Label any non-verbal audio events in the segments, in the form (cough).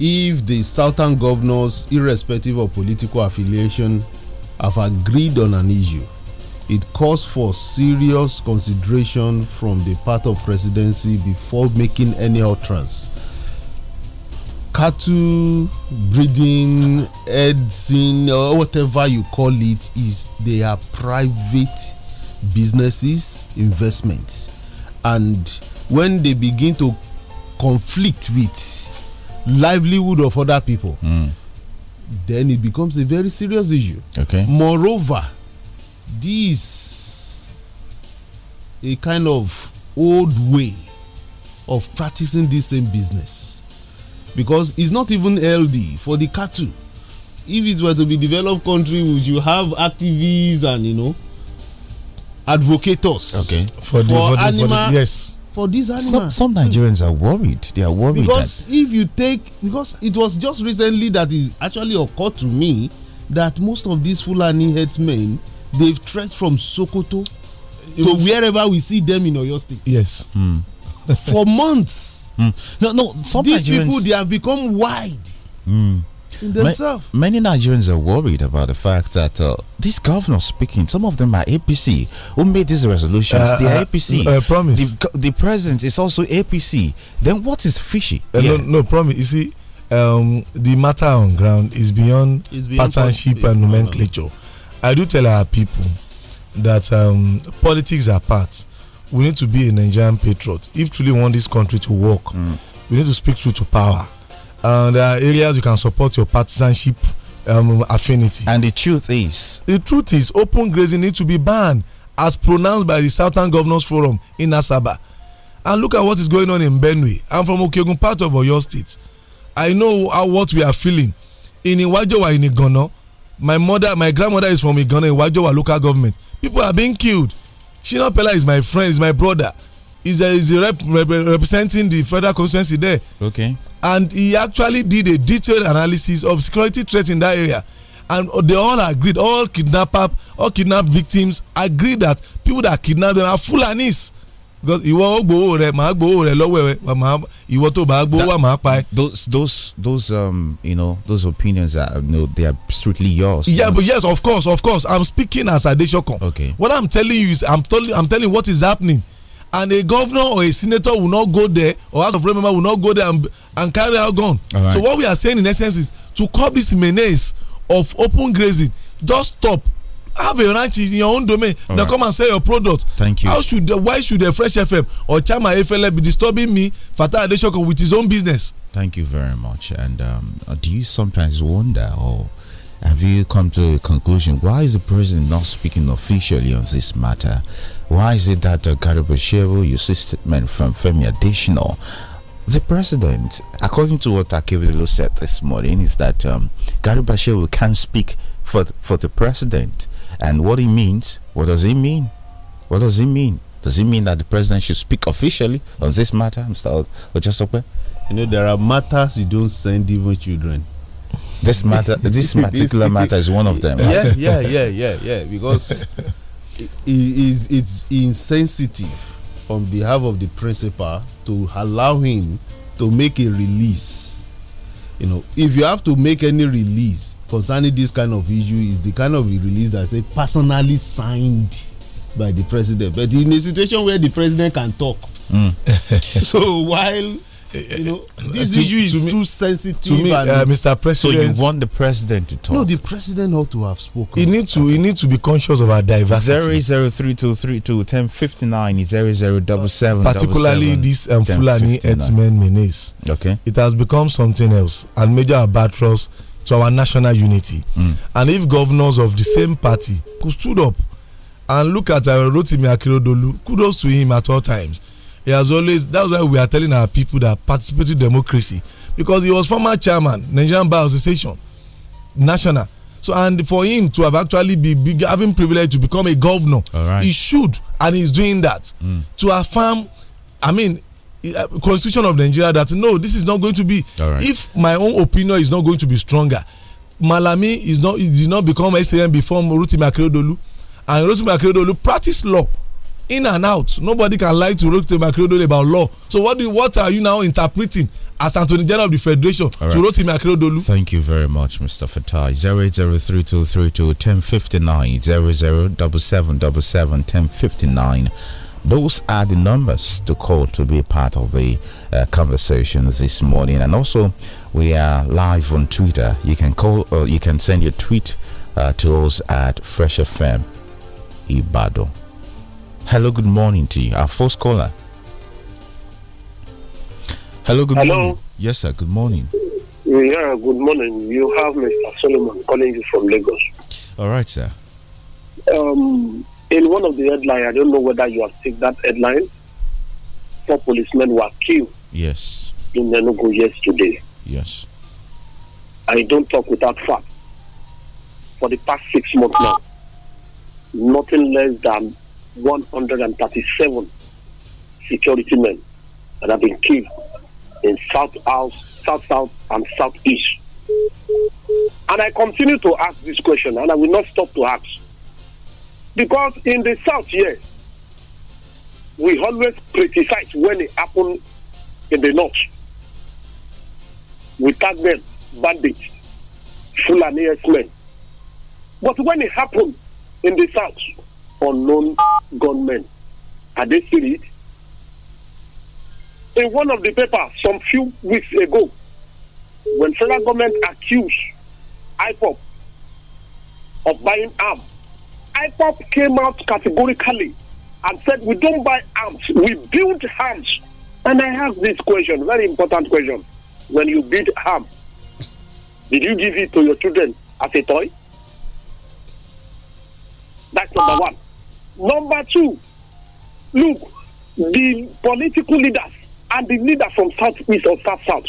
if the southern governors, irrespective of political affiliation, have agreed on an issue, it calls for serious consideration from the part of presidency before making any utterance. Cattle breeding, herding, or whatever you call it, is they are private businesses, investments, and when they begin to conflict with livelihood of other people, mm. then it becomes a very serious issue. Okay. Moreover, this a kind of old way of practicing this same business because it's not even LD for the cattle. If it were to be developed country, would you have activists and you know advocates okay. for, for, the, for animal the, for the, yes for these animals. Some, some Nigerians are worried. They are worried because if you take because it was just recently that it actually occurred to me that most of these Fulani headsmen they've trekked from Sokoto it to wherever we see them in Oyo State. Yes. Mm. for months. Mm. No, no. Some these Nigerians, people they have become wide. Mm themselves. Ma many Nigerians are worried about the fact that uh, these governors speaking, some of them are APC who made these resolutions. Uh, they are uh, APC. Uh, promise. The, the, president is also APC. Then what is fishy? Uh, yeah. No, no, promise. You see, um, the matter on ground is beyond, it's beyond partnership and uh-huh. nomenclature. I do tell our people that um, politics are part. We need to be a Nigerian patriot. If truly want this country to work, mm. we need to speak truth to power and there uh, are areas you can support your partisanship um, affinity. And the truth is? The truth is, open grazing needs to be banned as pronounced by the Southern Governors Forum in Asaba. And look at what is going on in Benue. I'm from Okyogun, part of Oyo State. I know how, what we are feeling. In Iwajowa, in Igono. my mother, my grandmother is from Igono, Iwajowa local government. People are being killed. Shina Pella is my friend, is my brother. He's, a, he's a rep, rep, representing the federal constituency there. Okay and he actually did a detailed analysis of security threat in that area and they all agreed all kidnapper all kidnapped victims agreed that people that kidnap them are fulanis because ìwọ ó rẹ màá gbowó rẹ lọ́wọ́ màá ìwọ tó bá gbowó wà màá pa ẹ. those those those um, you know those opinions are you know, they are strictly yours. yeah but yes of course of course i'm speaking as adesokan. okay what i'm telling you is i'm telling i'm telling what is happening and a governor or a senator will not go there or house of rep member will not go there and, and carry out gun. Right. so what we are saying in essence is to curb this menace of open grazing just stop have a ranch in your own domain All now right. come and sell your product. thank you how should why should the fresh fm or chama efele be disturbing me should go with his own business. thank you very much and um, do you sometimes wonder or have you come to a conclusion? Why is the president not speaking officially on this matter? Why is it that uh, Gary Bashevo, your statement from Femi Additional, the president, according to what Akebilo said this morning, is that um, Gary Bashevo can speak for, for the president. And what he means, what does he mean? What does he mean? Does he mean that the president should speak officially on this matter, Mr. Ojasope? You know, there are matters you don't send even children. This matter, this (laughs) particular matter is one of them. Yeah, yeah, yeah, yeah, yeah. Because it is it's insensitive on behalf of the principal to allow him to make a release. You know, if you have to make any release concerning this kind of issue, is the kind of release that's a personally signed by the president. But in a situation where the president can talk, mm. (laughs) so while Eh, eh, know, eh, this to, issue is me, too sensitive. To me, uh, Mr. President, so you want the president to talk? No, the president ought to have spoken. He need to. Okay. He need to be conscious of our diversity. Zero zero three two three two ten fifty nine zero zero double seven. Particularly this um, Fulani Etzmen menace. Okay, it has become something else and major albatross to our national unity. Mm. And if governors of the same party could stood up and look at uh, Rotimi Akeredolu, kudos to him at all times he has always that's why we are telling our people that participatory democracy because he was former chairman nigerian bar association national so and for him to have actually be, be having privilege to become a governor right. he should and he's doing that mm. to affirm i mean eh, eh, constitution of nigeria that no this is not going to be right. if my own opinion is not going to be stronger malami is not did not become sam before rotimi akeredolu and rotimi akeredolu practice law in and out nobody can lie to rotimi akeredolu about law so what do you, what are you now interpreting as attorney general of the federation right. to rotimi akeredolu. thank you very much mr fatai zero eight zero three two three two ten fifty nine zero zero double seven double seven ten fifty nine. Those are the numbers to call to be part of the uh, conversations this morning. And also, we are live on Twitter. You can call or uh, you can send your tweet uh, to us at Fresh FM Ibado. Hello, good morning to you. Our first caller. Hello, good Hello. morning. Yes, sir, good morning. Yeah, good morning. You have Mr. Solomon calling you from Lagos. All right, sir. Um, in one of the headlines, I don't know whether you have seen that headline. Four policemen were killed. Yes. In Enugu yesterday. Yes. I don't talk without fact. For the past six months now, nothing less than 137 security men that have been killed in South House, South South, and East, And I continue to ask this question, and I will not stop to ask. Because in the South yes, we always criticize when it happened in the North. We tag them bandits, Fulani men. But when it happened in the South, unknown gunmen. Are they still it? In one of the papers some few weeks ago, when federal government accused IPOP of buying arms, IPOP came out categorically and said, We don't buy arms, we build arms. And I have this question, very important question. When you build arms, did you give it to your children as a toy? That's number one. Number two, look, the political leaders and the leaders from Southeast or South South,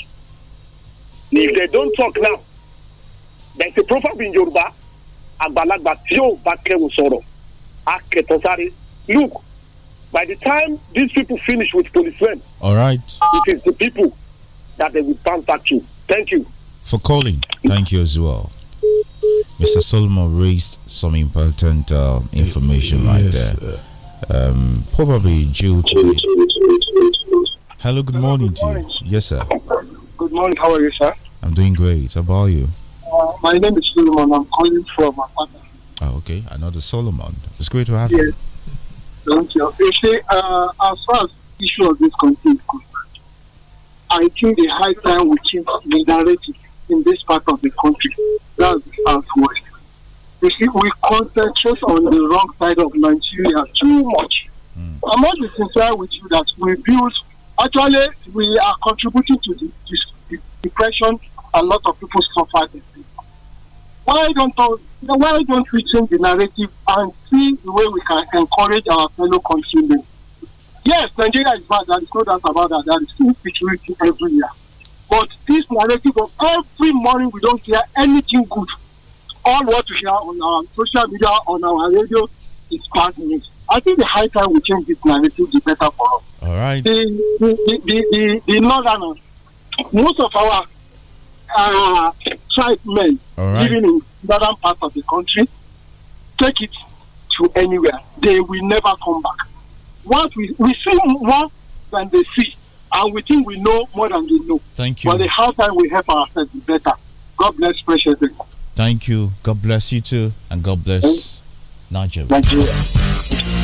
if they don't talk now, there's a proverb in Yoruba, àgbàlagbà tí Bakke bá Aketosari. look by the time these people finish with policemen. all right. it is the people that they will bounce back to thank you. for calling thank you as well. Mr. Solomon raised some important uh, information right there. Um, probably due to. Hello, good morning to you. Yes, sir. Good morning. How are you, sir? I'm doing great. How about you? Uh, my name is Solomon. I'm calling from my partner. Oh, ah, okay. Another Solomon. It's great to have yes. you. Thank you. You see, uh, as far as issue of this country is concerned, I think the high time we change the narrative in this part of the country. That's the southwest. You see, we concentrate on the wrong side of Nigeria too much. Mm. I'm not sincere with you that we build, actually, we are contributing to the, the depression a lot of people suffer. Why don't, why don't we change the narrative and see the way we can encourage our fellow consumers? Yes, Nigeria is bad. There is no doubt about that. There is insecurity year. But this narrative of every morning we don't hear anything good. All what we hear on our um, social media, on our radio, is bad news. I think the high time we change this narrative, the better for us. All right. The, the, the, the, the northerners, most of our uh, tribe men right. living in northern part of the country, take it to anywhere. They will never come back. What we, we see more than they see and we think we know more than we know. Thank you. But the hard time we help ourselves is better. God bless precious. Thank you. God bless you too. And God bless Thanks. Nigeria. Thank you.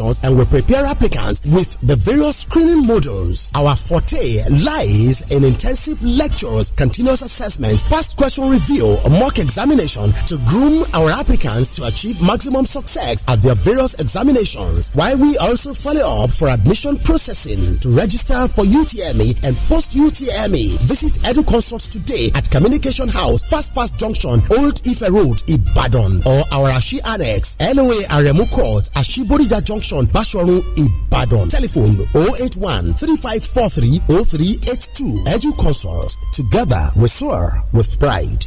applications and we prepare applicants with the various screening modules. Our forte lies in intensive lectures, continuous assessment, past question review, mock examination to groom our applicants to achieve maximum success at their various examinations. While we also follow up for admission processing to register for UTME and post UTME, visit EduConsult today at Communication House, Fast Fast Junction, Old Ife Road, Ibadan, or our Ashi Annex, NOA Aremu Court, Ashibodija Junction junction Bashorun Ibadan. Telephone 081 3543 0382. Edu Consult. Together we soar with pride.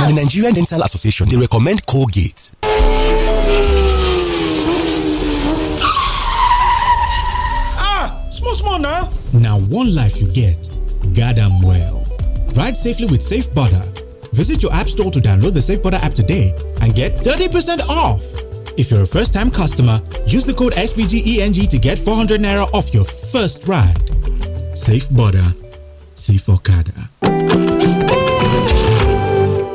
Now, the Nigerian Dental Association, they recommend Colgate. Ah, small, small now. Now, one life you get, goddamn well. Ride safely with Safe Butter. Visit your app store to download the Safe Butter app today and get 30% off. If you're a first time customer, use the code SBGENG to get 400 Naira off your first ride. Safe Butter, Safe Okada.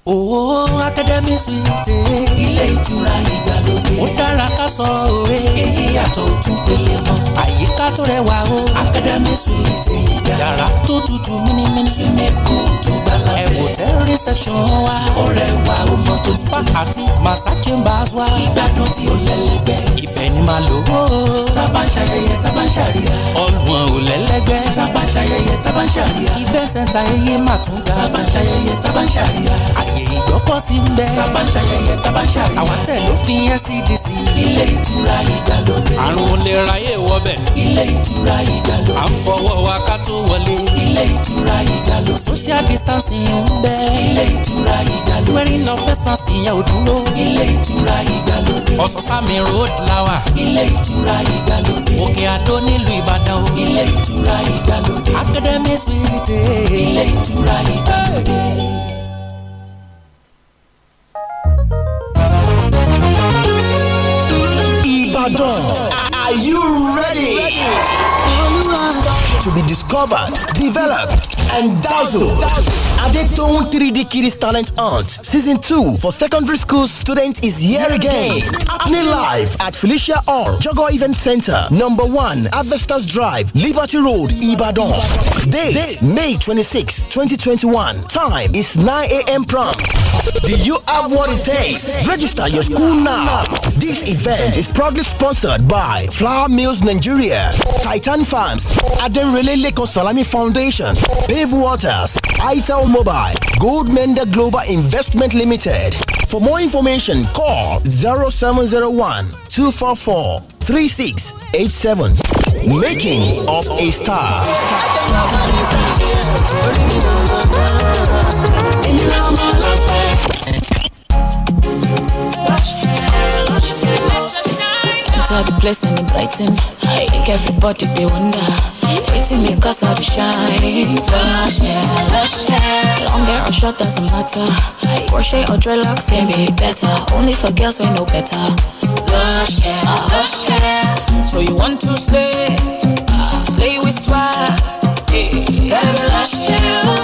Òwò Akademi Suite. Ilé ìtura ìgbàlódé. Ó dára ká sọ òwe. Èyí yàtọ̀ ojú pele mọ́. Àyíká tó rẹwà o. Akademi Suite ìgbà. Yàrá tó tutù mímímí. Súnmẹ́kù tó gbàlá fẹ́. Ẹ̀wòtẹ́ reception wa. Ó rẹwà o mọ tó ti tó. Spa àti Massa Chambers wa. Ìgbádùn tí ó lẹ́lẹ́gbẹ́. Ibẹ̀ ni màá lò ó. Tábà ń ṣayẹyẹ, tábà ń ṣàríyá. Ọ̀gbun ò lẹ́lẹ́gbẹ́. Tábà ń ṣayẹyẹ, Ìfẹsẹ̀ta ẹyẹ mà ga. Tábà ń ààyè ìgbọ́kọ̀sí ń bẹ. tá a bá ń ṣayẹyẹ tá a bá ń ṣàríyá. àwọn tẹ̀ ló fi NCDC. E ilé ìtura ìdàlódé. àrùn olè ráyè wọbẹ̀. ilé ìtura ìdàlódé. à ń fọwọ́ wa ká tó wọlé. ilé ìtura ìdàlódé. social distancing ń bẹ. ilé ìtura ìdàlódé. wearing no face mask ìyẹn ò dúró. ilé ìtura ìdàlódé. ọ̀sánsámi road lawa. ilé ìtura ìdàlódé. òkè àdó nílùú ìbàdàn o. ilé ìtura ìdàlódé. academy suite. ilé ìtura ìdàlódé. Ibadan. Are you ready? ready? To be discovered, developed and dazzled. Adetohun 3D Kids Talent Hunt Season 2 for secondary school students is here again. Happening live at Felicia Hall, Jogo Event Center, number 1, Avestas Drive, Liberty Road, Ibadan. Date, Date May 26, 2021. Time is 9 a.m. prompt. Do you have what it takes? Register your school now. This event is proudly sponsored by Flower Mills Nigeria, Titan Farms, Relay Lekan Salami Foundation, Bay Dave Waters, ITEL Mobile, Goldmender Global Investment Limited. For more information, call 0701 244 3687. Making of a Star. It's all the blessing and blighting. Make everybody they wonder. Hitting me cause all the shine Lush hair, lush hair Long hair or short doesn't matter Crochet or dreadlocks can be better Only for girls we know better Lush hair, lush hair So you want to slay ah, Slay with swag Gotta be lush hair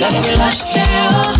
Gotta be lush hair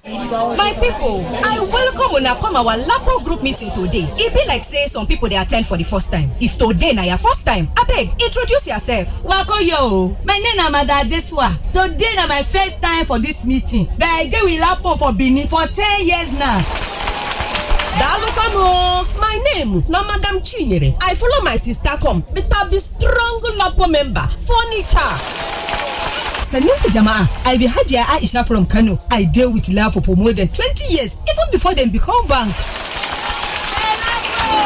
my people, i welcome una come our lapo group meeting today e be like say some people dey attend for the first time if today na your first time abeg introduce yourself. Wako yo, my name na mada adesuwa today na my first time for dis meeting but i dey with lapo for benin for ten years now. daalụkwanụ my name na madam chinyere i follow my sister come but I be strong lapo member furniture. i jama'a, I be Hajiya Aisha from Kano. I deal with love for more than 20 years, even before them become bank.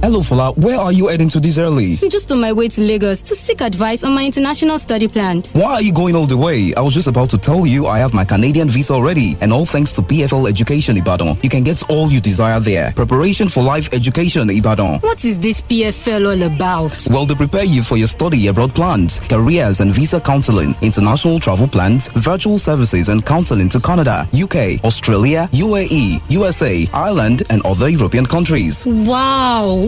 Hello, Fola. Where are you heading to this early? I'm just on my way to Lagos to seek advice on my international study plans. Why are you going all the way? I was just about to tell you I have my Canadian visa already, and all thanks to PFL Education Ibadan. You can get all you desire there. Preparation for life education Ibadan. What is this PFL all about? Well, they prepare you for your study abroad plans, careers and visa counseling, international travel plans, virtual services and counseling to Canada, UK, Australia, UAE, USA, Ireland, and other European countries. Wow.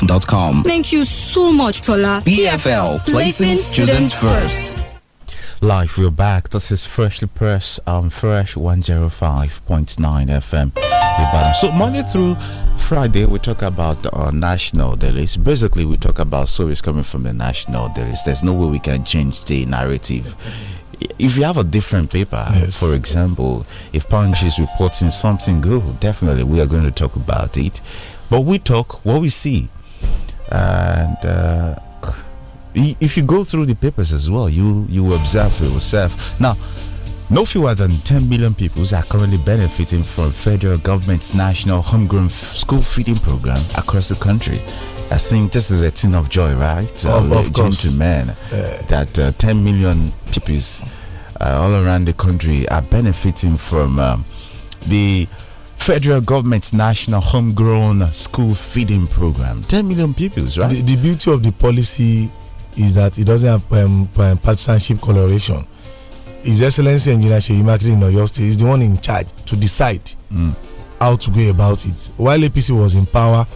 Thank you so much, Tola. BFL, placing students first. Life, we're back. This is Freshly Press um, Fresh 105.9 FM. So, Monday through Friday, we talk about uh, national dailies. Basically, we talk about stories coming from the national dailies. There's no way we can change the narrative. If you have a different paper, yes. for example, if Punch is reporting something good, definitely we are going to talk about it. But we talk what we see and uh, if you go through the papers as well, you you observe for yourself. Now, no fewer than 10 million people are currently benefiting from federal government's national homegrown school feeding program across the country. I think this is a thing of joy, right? Of, uh, of gentlemen, that uh, 10 million people uh, all around the country are benefiting from um, the federal government's national homegrown school feeding program. 10 million pupils, right? The, the beauty of the policy is that it doesn't have um, um partisanship coloration. His Excellency Engineer Sheyi Makinde in Oyo State is the one in charge to decide mm. how to go about it. While APC was in power,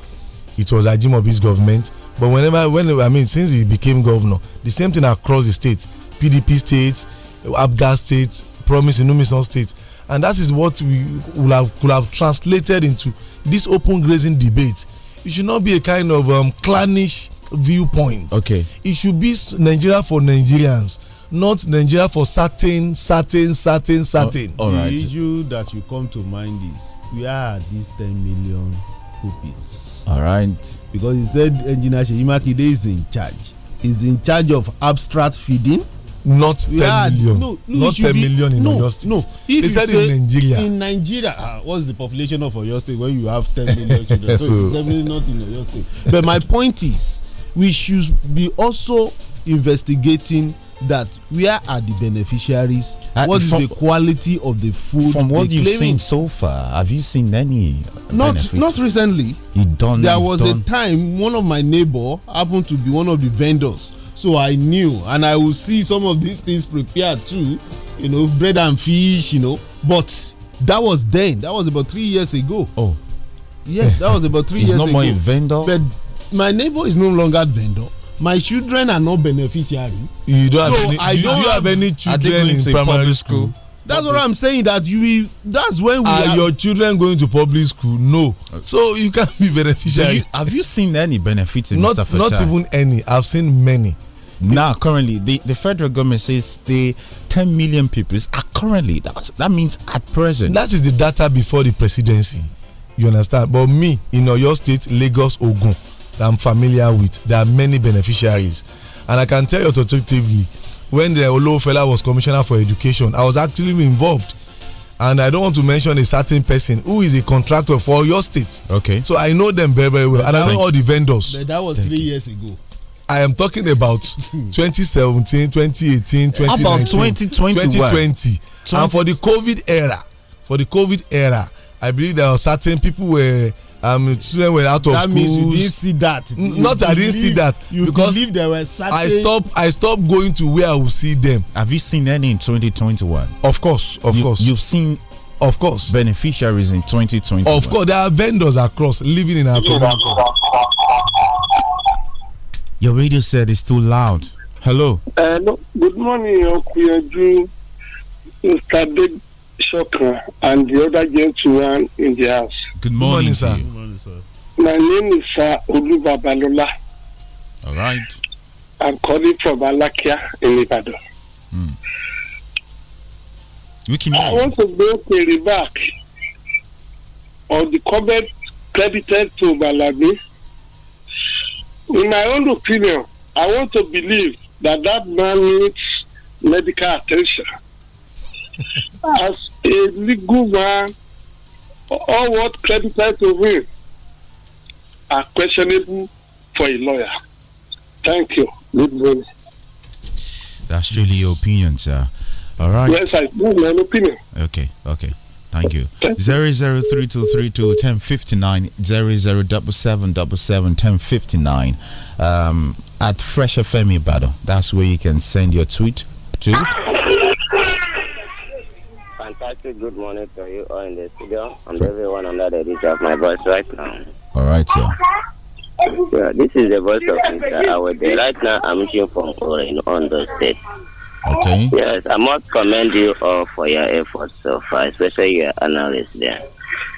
it was Ajimobi's government. But whenever, when I mean, since he became governor, the same thing across the states, PDP states, Abga states, Promise Inumison states and that is what we would have, could have translated into this open grazing debate it should not be a kind of um, clannish viewpoint okay it should be nigeria for nigerians not nigeria for certain certain certain certain. Uh, all right. the issue that you come to mind is we are these 10 million pupils. all right. because he said engineer seyi makinde is in charge he is in charge of abstract feeding not ten yeah, million no, no, not ten million in no, Oyo State. No, if they said in Nigeria. In Nigeria, uh, what's the population of Oyo State when you have ten million (laughs) children? so, so it's definitely not in Oyo State. But my point is, we should be also investigating that where are the beneficiaries uh, What is from, the quality of the food from what you've claiming? seen so far have you seen any not benefit? not recently you don't there was done. a time one of my neighbor happened to be one of the vendors so i knew and i will see some of these things prepared too you know bread and fish you know but that was then that was about three years ago oh yes eh. that was about three years ago it's not more vendor but my neighbor is no longer vendor my children are not beneficiary you don't so have any I do not you have, any children in primary school, school? that's what i'm saying that you will that's when we are, are, your children going to public school no uh, so you can't be beneficiary you, have you seen any benefits in not, mr Fetcher? not even any i've seen many now currently the, the federal government says the 10 million people are currently that that means at present that is the data before the presidency you understand but me in your state lagos ogun i'm familiar with there are many beneficiaries and i can tell you authoritatively when the olofela was commissioner for education i was actively involved and i don't want to mention a certain person who is a contractor for your state. okay so i know them very very well but and i know all the vendors. that was Thank three you. years ago. I am talking about (laughs) 2017, 2018, 2019, about 2020, 2020. and for the COVID era, for the COVID era, I believe there are certain people were um, students were out of that schools. That means you didn't see that. You not believe, I didn't see that. You because believe there were certain. I stopped. I stopped going to where I would see them. Have you seen any in 2021? Of course, of you, course. You've seen of course beneficiaries in 2020 of course there are vendors across living in our community. Your radio said it's too loud. Hello. Hello. Uh, good morning, Okuyeju, Mr. Big Shocker, and the other gentleman in the house. Good morning, Good morning sir. Good morning, sir. My name is Sir uh, Oluba All right. I'm calling from Alakia in Ibadan. Mm. can I want to go to the back on the comment credited to Malami in my own opinion, I want to believe that that man needs medical attention. (laughs) As a legal man, all what credited to him are questionable for a lawyer. Thank you. Good morning. That's truly your opinion, sir. All right. Yes, I do. My opinion. Okay, okay. Thank you. Zero zero three two three two ten fifty nine zero zero double seven double seven ten fifty nine. Um, at Fresh FM battle. That's where you can send your tweet to. Fantastic. Good morning to you all in the studio and F everyone under the reach of my voice right now. All right, sir. Yeah, this is the voice of Mr. Awede. Right now, I'm here from Orin on the state. Okay. Yes, I must commend you all for your efforts so far, especially your analyst there.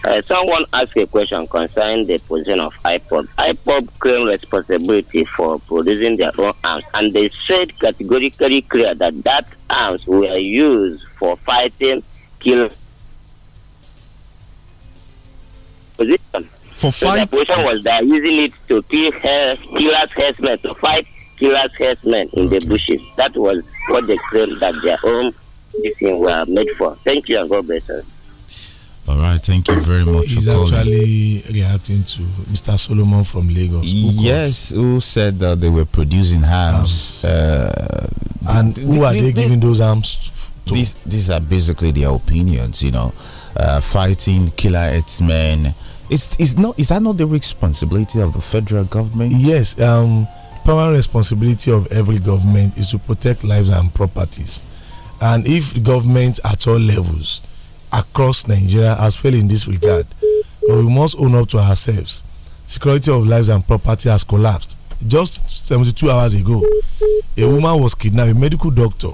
Uh, someone asked a question concerning the position of IPOB. iPod claim responsibility for producing their own arms, and they said categorically clear that that arms were used for fighting, killing. Position. For fighting. So the position was that using it to kill her, killers' husband to fight killers, herdsmen in okay. the bushes. That was what they claimed that their own thing were made for. Thank you and God bless us. All right, thank you very much He's actually reacting to Mr. Solomon from Lagos. Who yes, called? who said that they were producing arms. Uh, and the, who the, are the, they giving those arms to? These, these are basically their opinions, you know. Uh, fighting killer herdsmen. It's, it's not, is that not the responsibility of the federal government? Yes. Um, primary responsibility of every government is to protect lives and properties. And if government at all levels across Nigeria has failed in this regard, we must own up to ourselves. Security of lives and property has collapsed. Just 72 hours ago, a woman was kidnapped, a medical doctor.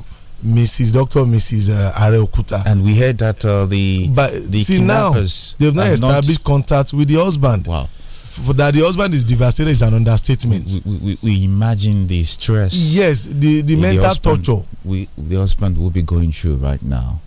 Mrs. Doctor, Mrs. Uh, Areokuta, and we heard that uh, the but the kidnappers now, they've not established not... contact with the husband. Wow for that the husband is devastated is an understatement. We, we, we imagine the stress. Yes, the, the mental the husband, torture. We, the husband will be going through right now.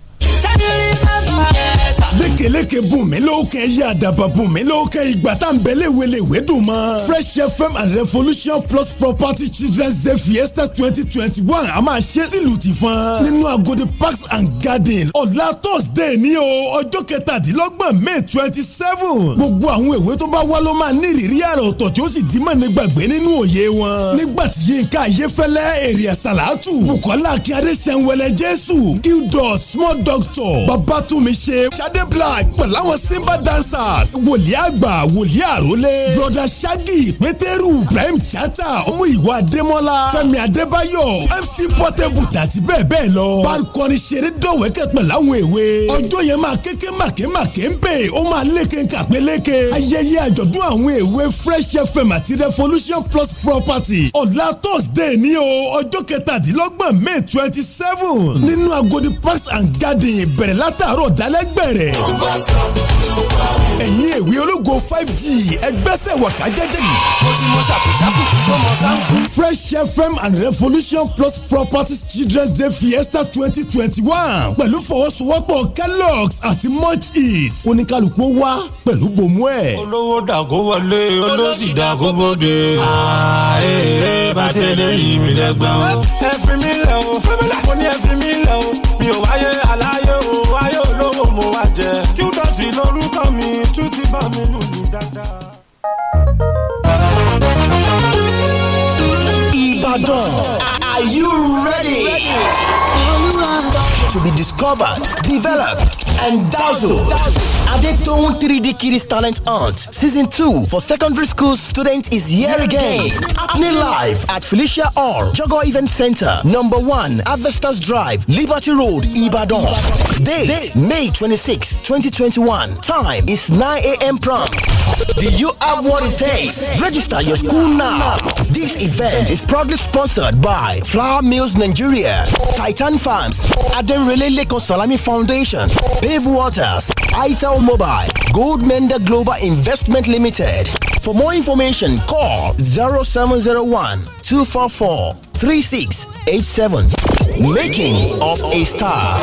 lékeleke bùnmi lókè yé àdàbà bùnmi lókè ìgbà tá n bẹ̀lẹ̀ wele ìwédùn mọ́. fresh fm and revolution plus property children's day fiesta twenty twenty one a máa ṣe tìlù ti fún. nínú agodi parks and garden ọ̀la thursday ní o ọjọ́ kẹtàdínlọ́gbọ̀n may twenty seven. gbogbo àwọn èwe tó bá wá ló máa ní ìrírí àrà ọ̀tọ̀ tí ó sì dì mọ́ nígbàgbé nínú òye wọn. nígbà tí yínká ayéfẹ́lẹ́ èrè àsàlátù bukola akíndé sẹ́wẹ́lẹ́ jésù qdot small doctor yàtọ̀ bàbá tún ṣe Ṣadé Black pẹ̀lú àwọn Simba dancers wòlíì àgbà wòlíì àrólé broda Shaggy Pétérù Ibrahim Chata ọmú ìwà Adémọ́lá Fẹ́mi Adébáyọ̀ MC Portable àti bẹ́ẹ̀ bẹ́ẹ̀ lọ barikọrin ṣeré dọ̀wẹ́kẹ̀ pẹ̀lú àwọn èwe ọjọ́ yẹn máa kéke màkè màkè ń bè ó máa léke kàpéléke ayẹyẹ àjọ̀dún àwọn èwe Fresh FM àti Revolution Plus Property ọ̀la Thursday ní o ọjọ́ kẹtàdínlọ́gbọ̀n May twenty seven nínú Agodi Parks and Gardens ìròyìn látàárọ̀ dálẹ́ gbẹ̀rẹ̀. ẹ̀yin èwe ológo five g ẹgbẹ́sẹ̀ wọ̀ká jẹ́jẹ́ yìí. mo ti mọ sàkúsàkù tó mọ sáńkù. fresh fm and revolution plus properties children's day fiesta twenty twenty one pẹ̀lú fọwọ́sowọ́pọ̀ kellogg's àti much eat oníkàlùkù wá pẹ̀lú bòmú ẹ̀. olówó dàgó wọlé olóṣì dàgó bòde. ààyè bá ṣe lè yí mi lẹ́gbẹ̀ẹ́ o. ẹ fi mi lẹ̀ o fẹ́mi lẹ́kọ̀ọ́ ní ẹ fi mi lẹ̀ o mi ò wáyé ti bá mi lù mí dáadáa. Ìbàdàn, are you ready? ready? To be discovered, developed, and dazzled. dazzled. Adetohun 3D Kids Talent Hunt Season 2 for secondary school students is here again. Happening live at Felicia Hall, Jogo Event Center, number 1, Avestas Drive, Liberty Road, Ibadan. Date, May 26, 2021. Time is 9 a.m. prompt. Do you have what it takes? Register your school now. This event is proudly sponsored by Flower Mills Nigeria, Titan Farms, Adenrele Lekan Salami Foundation, Pave Waters, Ital Mobile, Goldmender Global Investment Limited. For more information, call 0701 244 3687. Making of a Star.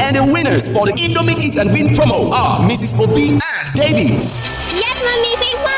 And the winners for the Indomie Eat and Win promo are Mrs. Obi and Davy. Yes, mommy, they won!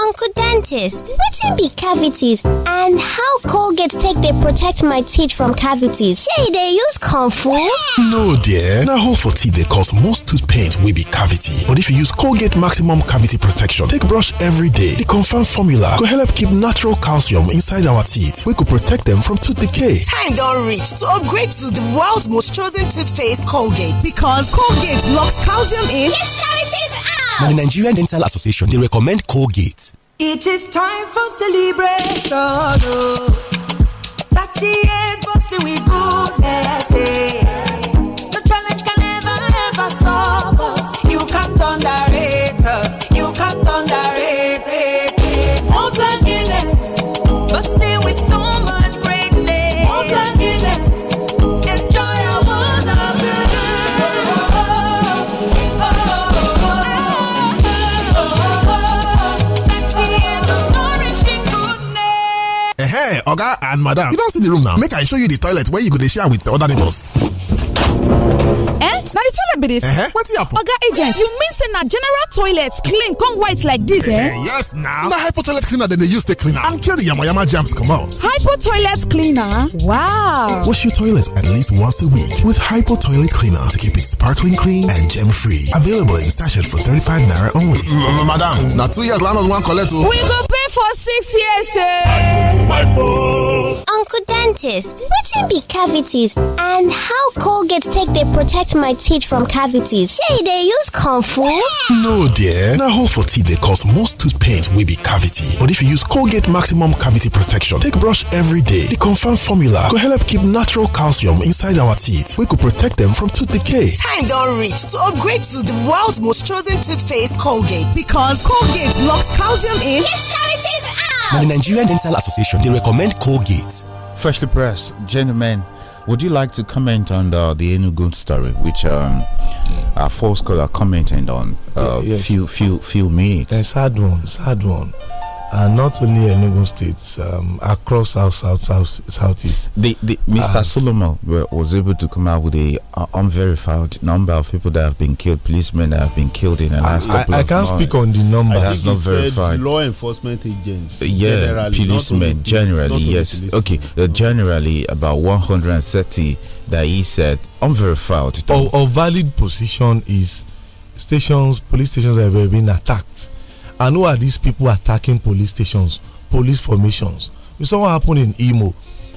Uncle Dentist. can be cavities and how Colgate take they protect my teeth from cavities? Shey they use Kung Fu? No dear, na hole for teeth they cause most tooth pain will be cavity. But if you use Colgate Maximum Cavity Protection take brush every day, the confirmed formula could help keep natural calcium inside our teeth We could protect them from tooth decay. Time don't reach to upgrade to the world's most chosen toothpaste Colgate because Colgate locks calcium in. Yes, cavities out! Now, the Nigerian Dental Association, they recommend Colgate. It is time for celebration. 30 years bustling with goodness. Eh. There, Oga and Madam, you don see the room now. Make I show you the toilet where you go dey share with other neighbors. eh na the toilet be this? eh what e happen. oga agent you mean say na general toilet clean come white like this, eh, eh yes na na hypo toilet cleaner than dey use take clean am and kill di yamayama germs comot hypo toilet cleaner wow wash your toilet at least once a week with hypo toilet cleaner to keep it sparkling clean and germ free available in sachet for 35 naira only madam now two years land wan one coletto. Oh. we go pay for six years eh uncle dentist wetin be cavities and how colgate take protect my teeth from cavities shey they use comfort? no dear Now, hole for teeth they cause most tooth pain will be cavity but if you use colgate maximum cavity protection take brush every day the confirmed formula could help keep natural calcium inside our teeth We could protect them from tooth decay time don't reach to upgrade to the world's most chosen toothpaste colgate because colgate locks calcium in yes cavities out! na nigerian dental association they recommend colgate freshly pressed gentlemen would you like to comment on the, the Enugu story, which um, our four scholar commented on a uh, yes. few few few minutes? A hard one, hard one and uh, not only Enugu State, um, across South, South, South, Southeast. The, the, Mr. Solomon was able to come out with a uh, unverified number of people that have been killed, policemen that have been killed in the last I, couple I, I can't months. speak on the number. I think not verified. law enforcement agents. Uh, yeah, generally, policemen generally, yes. Policemen. Okay, uh, generally about 130 that he said unverified. Or, valid position is stations, police stations have been attacked and who are these people attacking police stations, police formations? We saw what happened in Imo.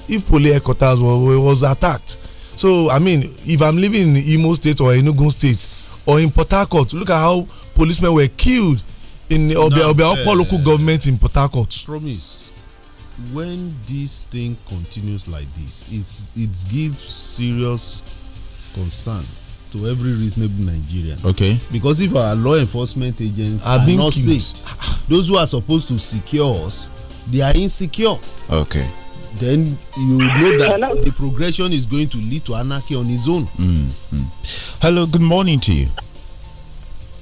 If police headquarters was, attacked. So, I mean, if I'm living in Imo State or Enugu State or in Port Harcourt, look at how policemen were killed in the Obia, Obia uh, local government in Port Harcourt. Promise when this thing continues like this, it's it gives serious concern to every reasonable Nigerian. Okay. Because if our law enforcement agents are, are not safe, those who are supposed to secure us, they are insecure. Okay. Then you know that the progression is going to lead to anarchy on its own. Mm -hmm. Hello, good morning to you.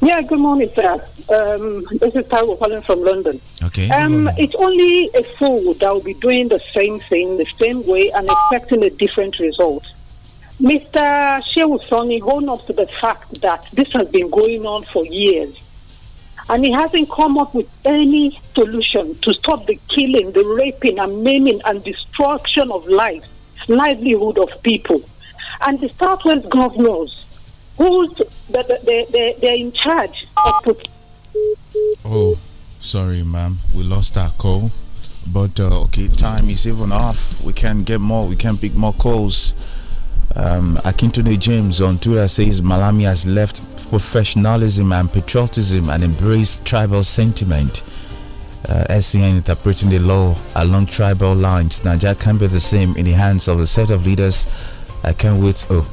Yeah, good morning, sir. Um, this is Taiwo calling from London. Okay. Um, it's only a fool that will be doing the same thing the same way and expecting a different result. Mr. Shewusoni going up to the fact that this has been going on for years. And he hasn't come up with any solution to stop the killing, the raping, and maiming and destruction of life, livelihood of people. And the Southwest governors, who's the, they, they're in charge of. Oh, sorry, ma'am. We lost our call. But uh, okay, time is even off. We can get more, we can pick more calls. Um, Akintune James on Twitter says Malami has left professionalism and patriotism and embraced tribal sentiment. Uh, SCN interpreting the law along tribal lines. Nigeria can be the same in the hands of a set of leaders. I can't wait. Oh,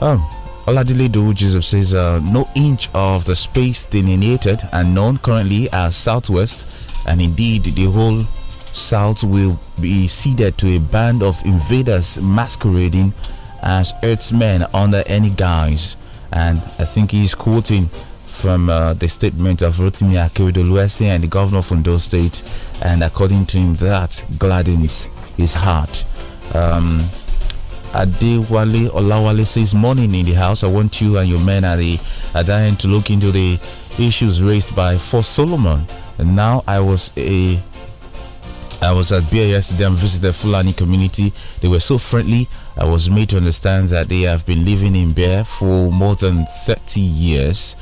oh. Oladile Joseph says uh, no inch of the space delineated and known currently as Southwest, and indeed the whole South will be ceded to a band of invaders masquerading as earthmen under any guise. And I think he's quoting from uh, the statement of Rotimi Akeredoluese and the governor of Ondo State, and according to him, that gladdens his heart. Um, Adewale Olawale says, Morning in the house. I want you and your men at the at to look into the issues raised by Fort Solomon. And now I was a I was at Beer yesterday and visited the Fulani community. They were so friendly. I was made to understand that they have been living in Beer for more than 30 years.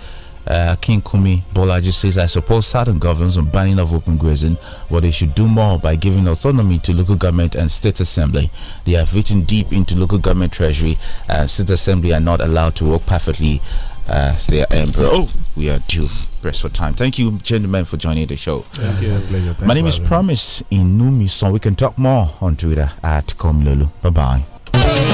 Uh, King Kumi Bolaji says, I suppose southern governments on banning of open grazing, but they should do more by giving autonomy to local government and state assembly. They have written deep into local government treasury, and state assembly are not allowed to work perfectly as uh, their emperor. Oh, we are due press for time. Thank you, gentlemen, for joining the show. Thank you. Pleasure. My name is Promise So We can talk more on Twitter at Komlolu. Bye bye.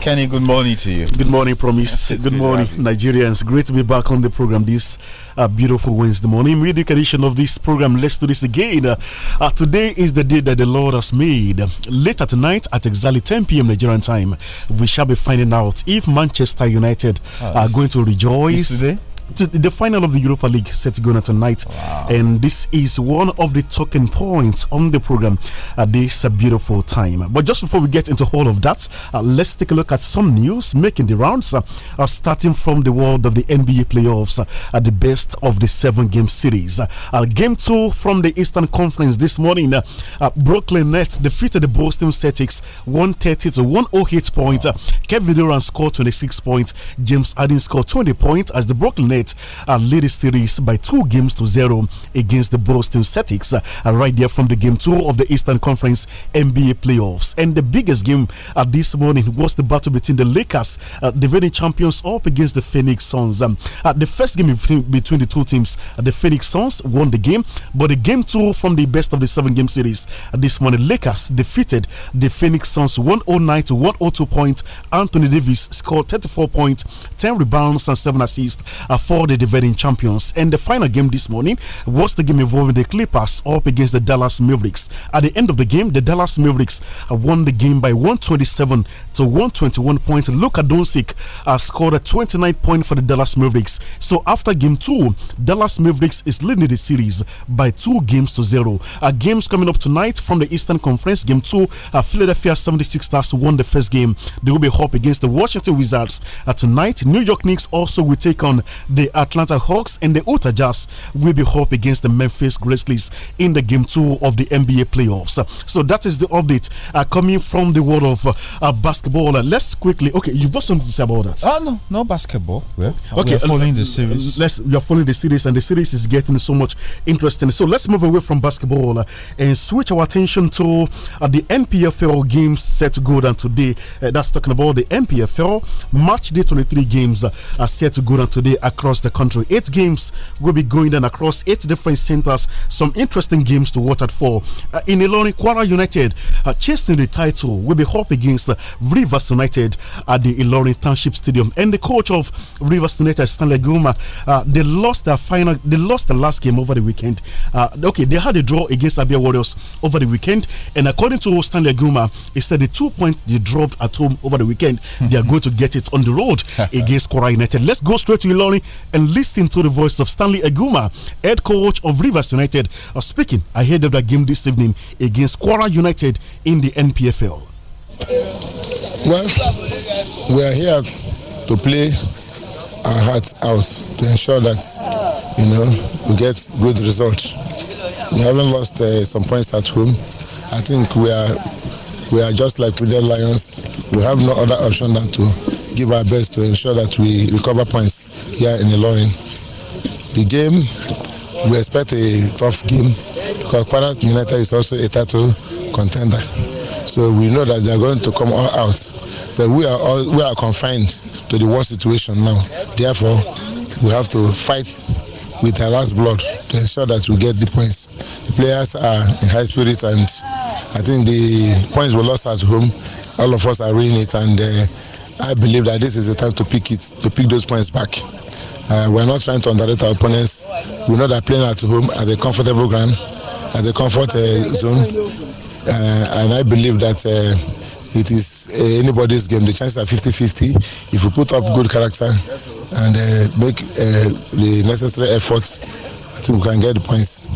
Kenny, good morning to you. Good morning, Promise. good, good morning, Nigerians. Great to be back on the program this uh, beautiful Wednesday morning. With the edition of this program, let's do this again. uh, today is the day that the Lord has made. Later tonight, at exactly 10 p.m. Nigerian time, we shall be finding out if Manchester United oh, are going to rejoice. Yesterday? the final of the Europa League set to go on tonight, wow. and this is one of the talking points on the program at this beautiful time. But just before we get into all of that, uh, let's take a look at some news making the rounds, uh, uh, starting from the world of the NBA playoffs uh, at the best of the seven-game series. Uh, uh, game two from the Eastern Conference this morning, Brooklyn Nets defeated the Boston Celtics 130 to 108 points. Wow. Kevin Durant scored 26 points. James Harden scored 20 points as the Brooklyn Nets a uh, lead the series by two games to zero against the Boston Celtics uh, right there from the game two of the Eastern Conference NBA playoffs. And the biggest game uh, this morning was the battle between the Lakers, uh, the reigning champions, up against the Phoenix Suns. Um, uh, the first game between the two teams, uh, the Phoenix Suns won the game, but the game two from the best of the seven game series uh, this morning, Lakers defeated the Phoenix Suns 109 to 102 points. Anthony Davis scored 34 points, 10 rebounds, and 7 assists. Uh, for the defending champions. And the final game this morning was the game involving the Clippers up against the Dallas Mavericks. At the end of the game, the Dallas Mavericks uh, won the game by 127 to 121 points. Luka Doncic uh, scored a 29 point for the Dallas Mavericks. So after game two, Dallas Mavericks is leading the series by two games to zero. Uh, games coming up tonight from the Eastern Conference. Game two, uh, Philadelphia 76ers won the first game. They will be hope against the Washington Wizards uh, tonight. New York Knicks also will take on the the Atlanta Hawks and the Utah Jazz will be up against the Memphis Grizzlies in the game two of the NBA playoffs. So that is the update uh, coming from the world of uh, basketball. Uh, let's quickly, okay, you've got something to say about that? Oh, no, no basketball. Well, okay, we following the series. Let's, you're following the series, and the series is getting so much interesting. So let's move away from basketball uh, and switch our attention to uh, the NPFL games set to go down today. Uh, that's talking about the NPFL match day 23 games are set to go down today across across the country. Eight games will be going on across eight different centers. Some interesting games to watch out for. Uh, in Ilorin, Quara United uh, chasing the title will be up against uh, Rivers United at the Ilorin Township Stadium. And the coach of Rivers United, Stanley Guma, uh, they lost their final. They lost the last game over the weekend. Uh, okay, they had a draw against Abia Warriors over the weekend, and according to Stanley Guma, he said the two points they dropped at home over the weekend, they are (laughs) going to get it on the road (laughs) against Quara United. Let's go straight to Ilorin and listen to the voice of Stanley Aguma, head coach of Rivers United, uh, speaking ahead of the game this evening against Quora United in the NPFL. Well, we are here to play our hearts out to ensure that you know we get good results. We haven't lost uh, some points at home. I think we are we are just like Prudent Lions. We have no other option than to give our best to ensure that we recover points here in the long The game, we expect a tough game because Kwara United is also a title contender. So we know that they are going to come all out. But we are all, we are confined to the worst situation now. Therefore, we have to fight with our last blood to ensure that we get the points. The players are in high spirit, and I think the points were lost at home, all of us are in it, and uh, I believe that this is the time to pick it, to pick those points back. Uh, we're not trying to underrate our opponents. We know that playing at home at a comfortable ground, at the comfort uh, zone, uh, and I believe that. Uh, it is uh, anybody's game. The chances are 50 50. If you put up good character and uh, make eh, the necessary efforts, I think we can get the points.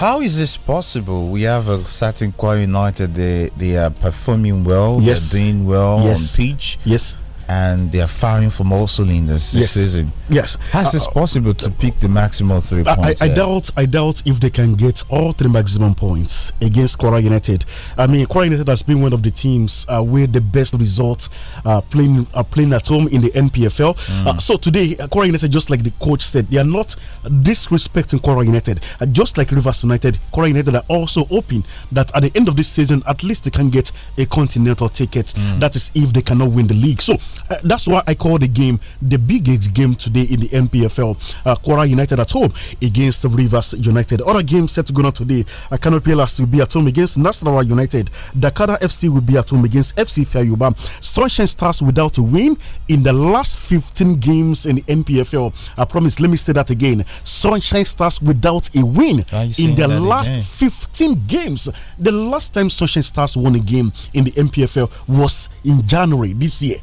how is this possible? We have a certain Kwa United, they, they are performing well, yes. they're doing well yes. on pitch. Yes and they are firing from all cylinders this yes. season. Yes. How is it possible to pick the maximum three points? I, I, I doubt. I doubt if they can get all three maximum points against Kora United. I mean, Kora United has been one of the teams uh, with the best results uh, playing uh, playing at home in the NPFL. Mm. Uh, so today, uh, Kora United, just like the coach said, they are not disrespecting Kora United. Uh, just like Rivers United, Kora United are also hoping that at the end of this season, at least they can get a continental ticket. Mm. That is, if they cannot win the league. So uh, that's why I call the game the biggest game today in the NPFL. Uh, United at home against Rivers United. Other games set to go on today. Uh, Canopy Last will be at home against Nasarawa United. Dakara FC will be at home against FC Fayuba. Sunshine Stars without a win in the last 15 games in the NPFL. I promise, let me say that again. Sunshine Stars without a win in the last again? 15 games. The last time Sunshine Stars won a game in the NPFL was in January this year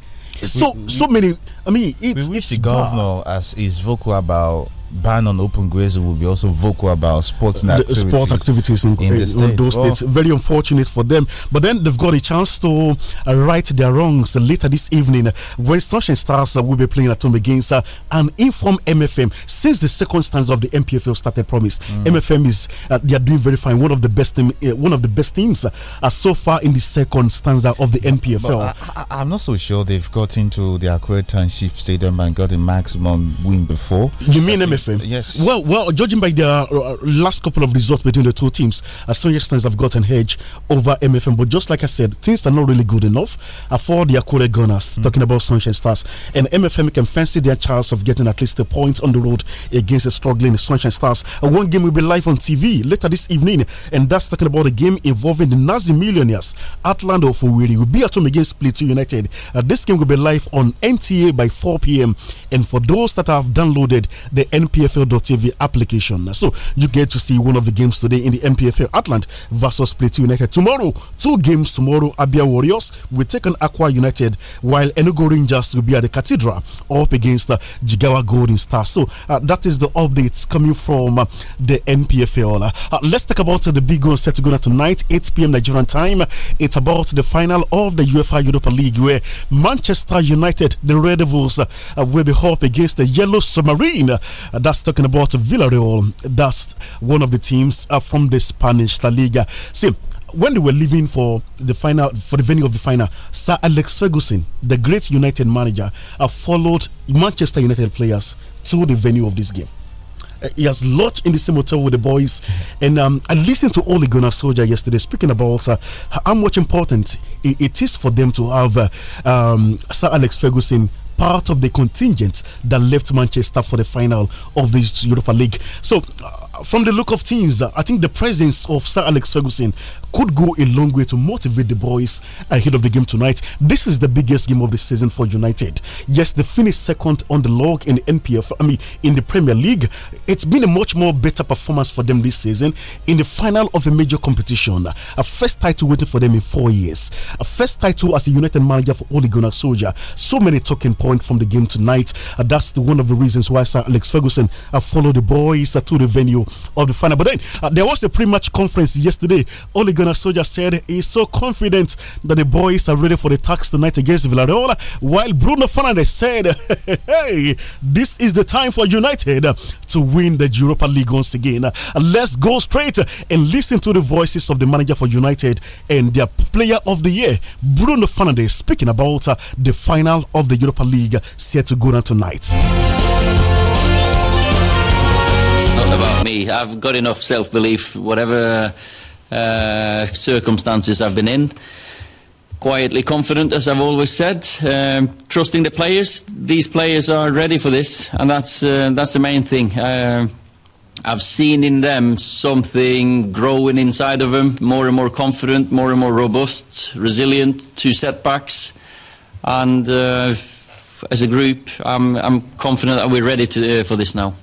so so many. I mean, it's, we wish it's the governor bad. as is vocal about ban on open grazing will be also vocal about sports activities. Sport activities in, in, in state. those well, states. Very unfortunate for them. But then they've got a chance to uh, right their wrongs later this evening when Sunshine Stars uh, will be playing at home against uh, an informed MFM. Since the second stanza of the MPFL started, promise mm. MFM is uh, they are doing very fine. One of the best team, one of the best teams uh, so far in the second stanza of the NPFL. But I, am not so sure they've got into the Aquarian Township Stadium and got a maximum win before. You mean MFM? Yes. Well, well, judging by the uh, last couple of results between the two teams, as Astoria Stars have got an edge over MFM. But just like I said, things are not really good enough for the Akure Gunners, mm. talking about Sunshine Stars. And MFM can fancy their chance of getting at least a point on the road against the struggling Sunshine Stars. Uh, one game will be live on TV later this evening, and that's talking about a game involving the Nazi Millionaires, Atlanta of Owerri. will be at home against Plateau United. Uh, this game will be live on NTA by 4 p.m. And for those that have downloaded the NP mpfl.tv application. So you get to see one of the games today in the MPFL Atlant versus Plateau United. Tomorrow, two games tomorrow. Abia Warriors will take on Aqua United, while Enugu Rangers will be at the Cathedral up against uh, Jigawa Golden Stars. So uh, that is the updates coming from uh, the MPFL. Uh, let's talk about the big one set to go on tonight, 8 p.m. Nigerian time. It's about the final of the UEFA Europa League, where Manchester United, the Red Devils, uh, will be up against the Yellow Submarine. Uh, that's talking about Villarreal. That's one of the teams uh, from the Spanish La Liga. See, when they were leaving for the final for the venue of the final, Sir Alex Ferguson, the great United manager, uh, followed Manchester United players to the venue of this game. Uh, he has lodged in the same hotel with the boys, and um, I listened to Ole Gunnar Soldier yesterday speaking about uh, how much important it, it is for them to have uh, um, Sir Alex Ferguson part of the contingent that left Manchester for the final of this Europa League. So, uh, from the look of things, I think the presence of Sir Alex Ferguson could go a long way to motivate the boys ahead of the game tonight. This is the biggest game of the season for United. Yes, they finished second on the log in the NPF, I mean, in the Premier League. It's been a much more better performance for them this season in the final of a major competition. A first title waiting for them in four years. A first title as a United manager for Ole Gunnar Soldier. So many talking points from the game tonight. Uh, that's the, one of the reasons why Sir Alex Ferguson uh, followed the boys uh, to the venue of the final. But then uh, there was a pre-match conference yesterday. Ole Gunnar Soldier said he's so confident that the boys are ready for the tax tonight against Villarreal. While Bruno Fernandes said, (laughs) "Hey, this is the time for United to win the Europa League once again." Uh, let's go straight and listen to the voices of the manager for United and their player of the year, Bruno Fernandes, speaking about uh, the final of the Europa League set to go down tonight not about me. I've got enough self belief, whatever uh, circumstances I've been in. Quietly confident, as I've always said, um, trusting the players. These players are ready for this, and that's uh, that's the main thing. Uh, I've seen in them something growing inside of them, more and more confident, more and more robust, resilient to setbacks, and uh, as a group, I'm, I'm confident that we're ready to, uh, for this now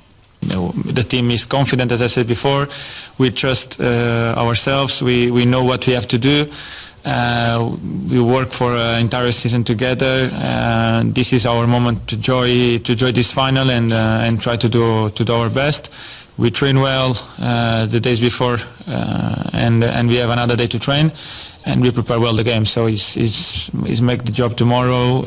the team is confident, as I said before. We trust uh, ourselves. We, we know what we have to do. Uh, we work for an uh, entire season together. Uh, this is our moment to enjoy to enjoy this final and uh, and try to do to do our best. We train well uh, the days before, and and we have another day to train, and we prepare well the game. So it's it's, it's make the job tomorrow,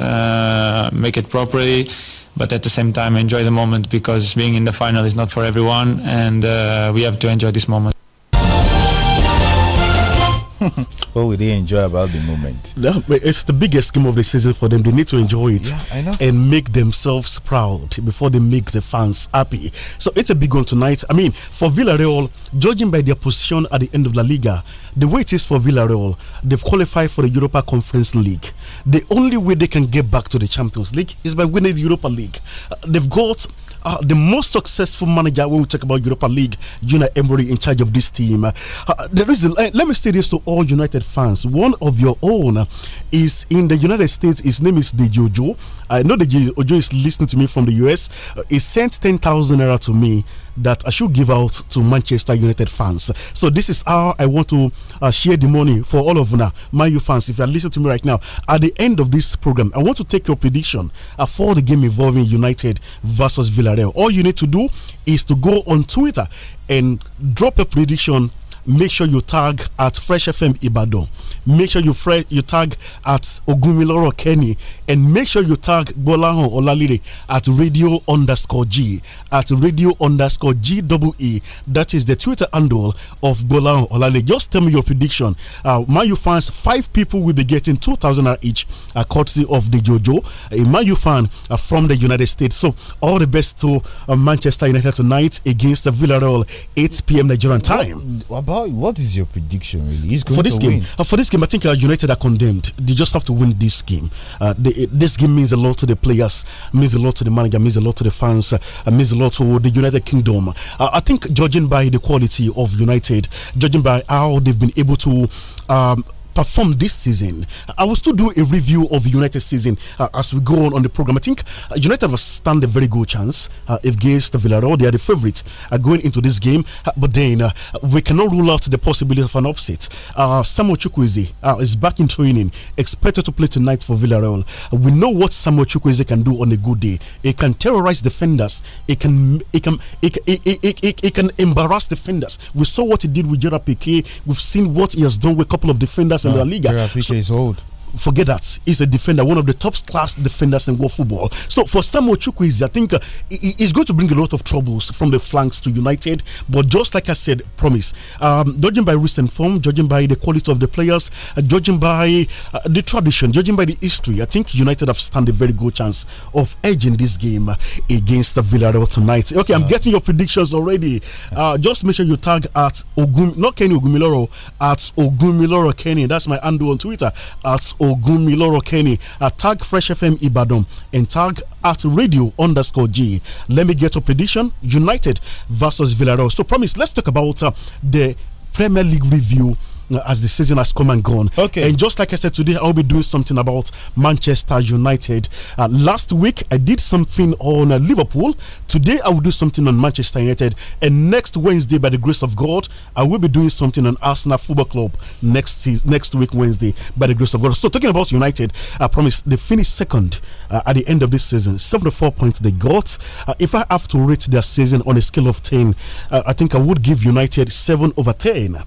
make it properly but at the same time enjoy the moment because being in the final is not for everyone and uh, we have to enjoy this moment (laughs) what will they enjoy about the moment? It's the biggest game of the season for them. They need to enjoy it yeah, and make themselves proud before they make the fans happy. So it's a big one tonight. I mean, for Villarreal, judging by their position at the end of La Liga, the way it is for Villarreal, they've qualified for the Europa Conference League. The only way they can get back to the Champions League is by winning the Europa League. Uh, they've got uh, the most successful manager when we talk about Europa League, Juna Emery in charge of this team. Uh, ah, there is eh, let me say this to all United fans. One of your own is in the United States. His name is Jojo. I know Jojo is listening to me from the US. he sent 10,000 naira to me that I should give out to Manchester United fans. So this is how I want to uh, share the money for all of now, Man U fans. If you are listening to me right now, at the end of this program, I want to take your prediction for the game involving United versus Villarreal. All you need to do is to go on Twitter and drop a prediction make sure you tag at Fresh FM Ibadan. Make sure you you tag at Ogumiloro Kenny, and make sure you tag Bolahan Olalire at Radio underscore G at Radio underscore G double E. That is the Twitter handle of Bolahan Olalire. Just tell me your prediction. Uh, Mayu fans, five people will be getting two thousand each, uh, courtesy of the JoJo. A Mayu fan uh, from the United States. So all the best to uh, Manchester United tonight against Villarreal, 8 p.m. Nigerian time. What, what how, what is your prediction really? He's going for this to game, win. Uh, for this game, I think uh, United are condemned. They just have to win this game. Uh, they, this game means a lot to the players, means a lot to the manager, means a lot to the fans, uh, means a lot to the United Kingdom. Uh, I think judging by the quality of United, judging by how they've been able to. Um, Perform this season. I will still do a review of United season uh, as we go on on the program. I think uh, United will stand a very good chance uh, if against Villarreal. They are the favourites uh, going into this game, uh, but then uh, we cannot rule out the possibility of an upset. Uh, Samuel Chukwueze is back in training, expected to play tonight for Villarreal. we know what Samuel Chukwueze can do on a good day. He can terrorize defenders. He can he can he, he, he, he can embarrass defenders. We saw what he did with Gerard Piquet. We've seen what he has done with a couple of defenders in the Liga. Terra Pique is old forget that he's a defender, one of the top class defenders in world football. So for Samuel Chukwueze, I think uh, he's going to bring a lot of troubles from the flanks to United. But just like I said, promise. Um, judging by recent form, judging by the quality of the players, uh, judging by uh, the tradition, judging by the history, I think United have stand a very good chance of edging this game against Villarreal tonight. Okay, so, I'm getting your predictions already. Uh, just make sure you tag at Ogum, not Kenny Ogumiloro, at Ogumiloro Kenny. That's my handle on Twitter at Ogunmiloro Loro Kenny at tag Fresh FM Ibadan and tag at radio underscore G. Let me get a prediction United versus Villarreal. So, promise, let's talk about uh, the Premier League review uh, as the season has come and gone. Okay. And just like I said today, I'll be doing something about Manchester United. Uh, last week, I did something on uh, Liverpool. Today, I will do something on Manchester United. And next Wednesday, by the grace of God, I will be doing something on Arsenal Football Club next next week, Wednesday, by the grace of God. So, talking about United, I promise they finished second uh, at the end of this season. 74 points they got. Uh, if I have to rate their season on a scale of 10, uh, I think I would give United 7 over 10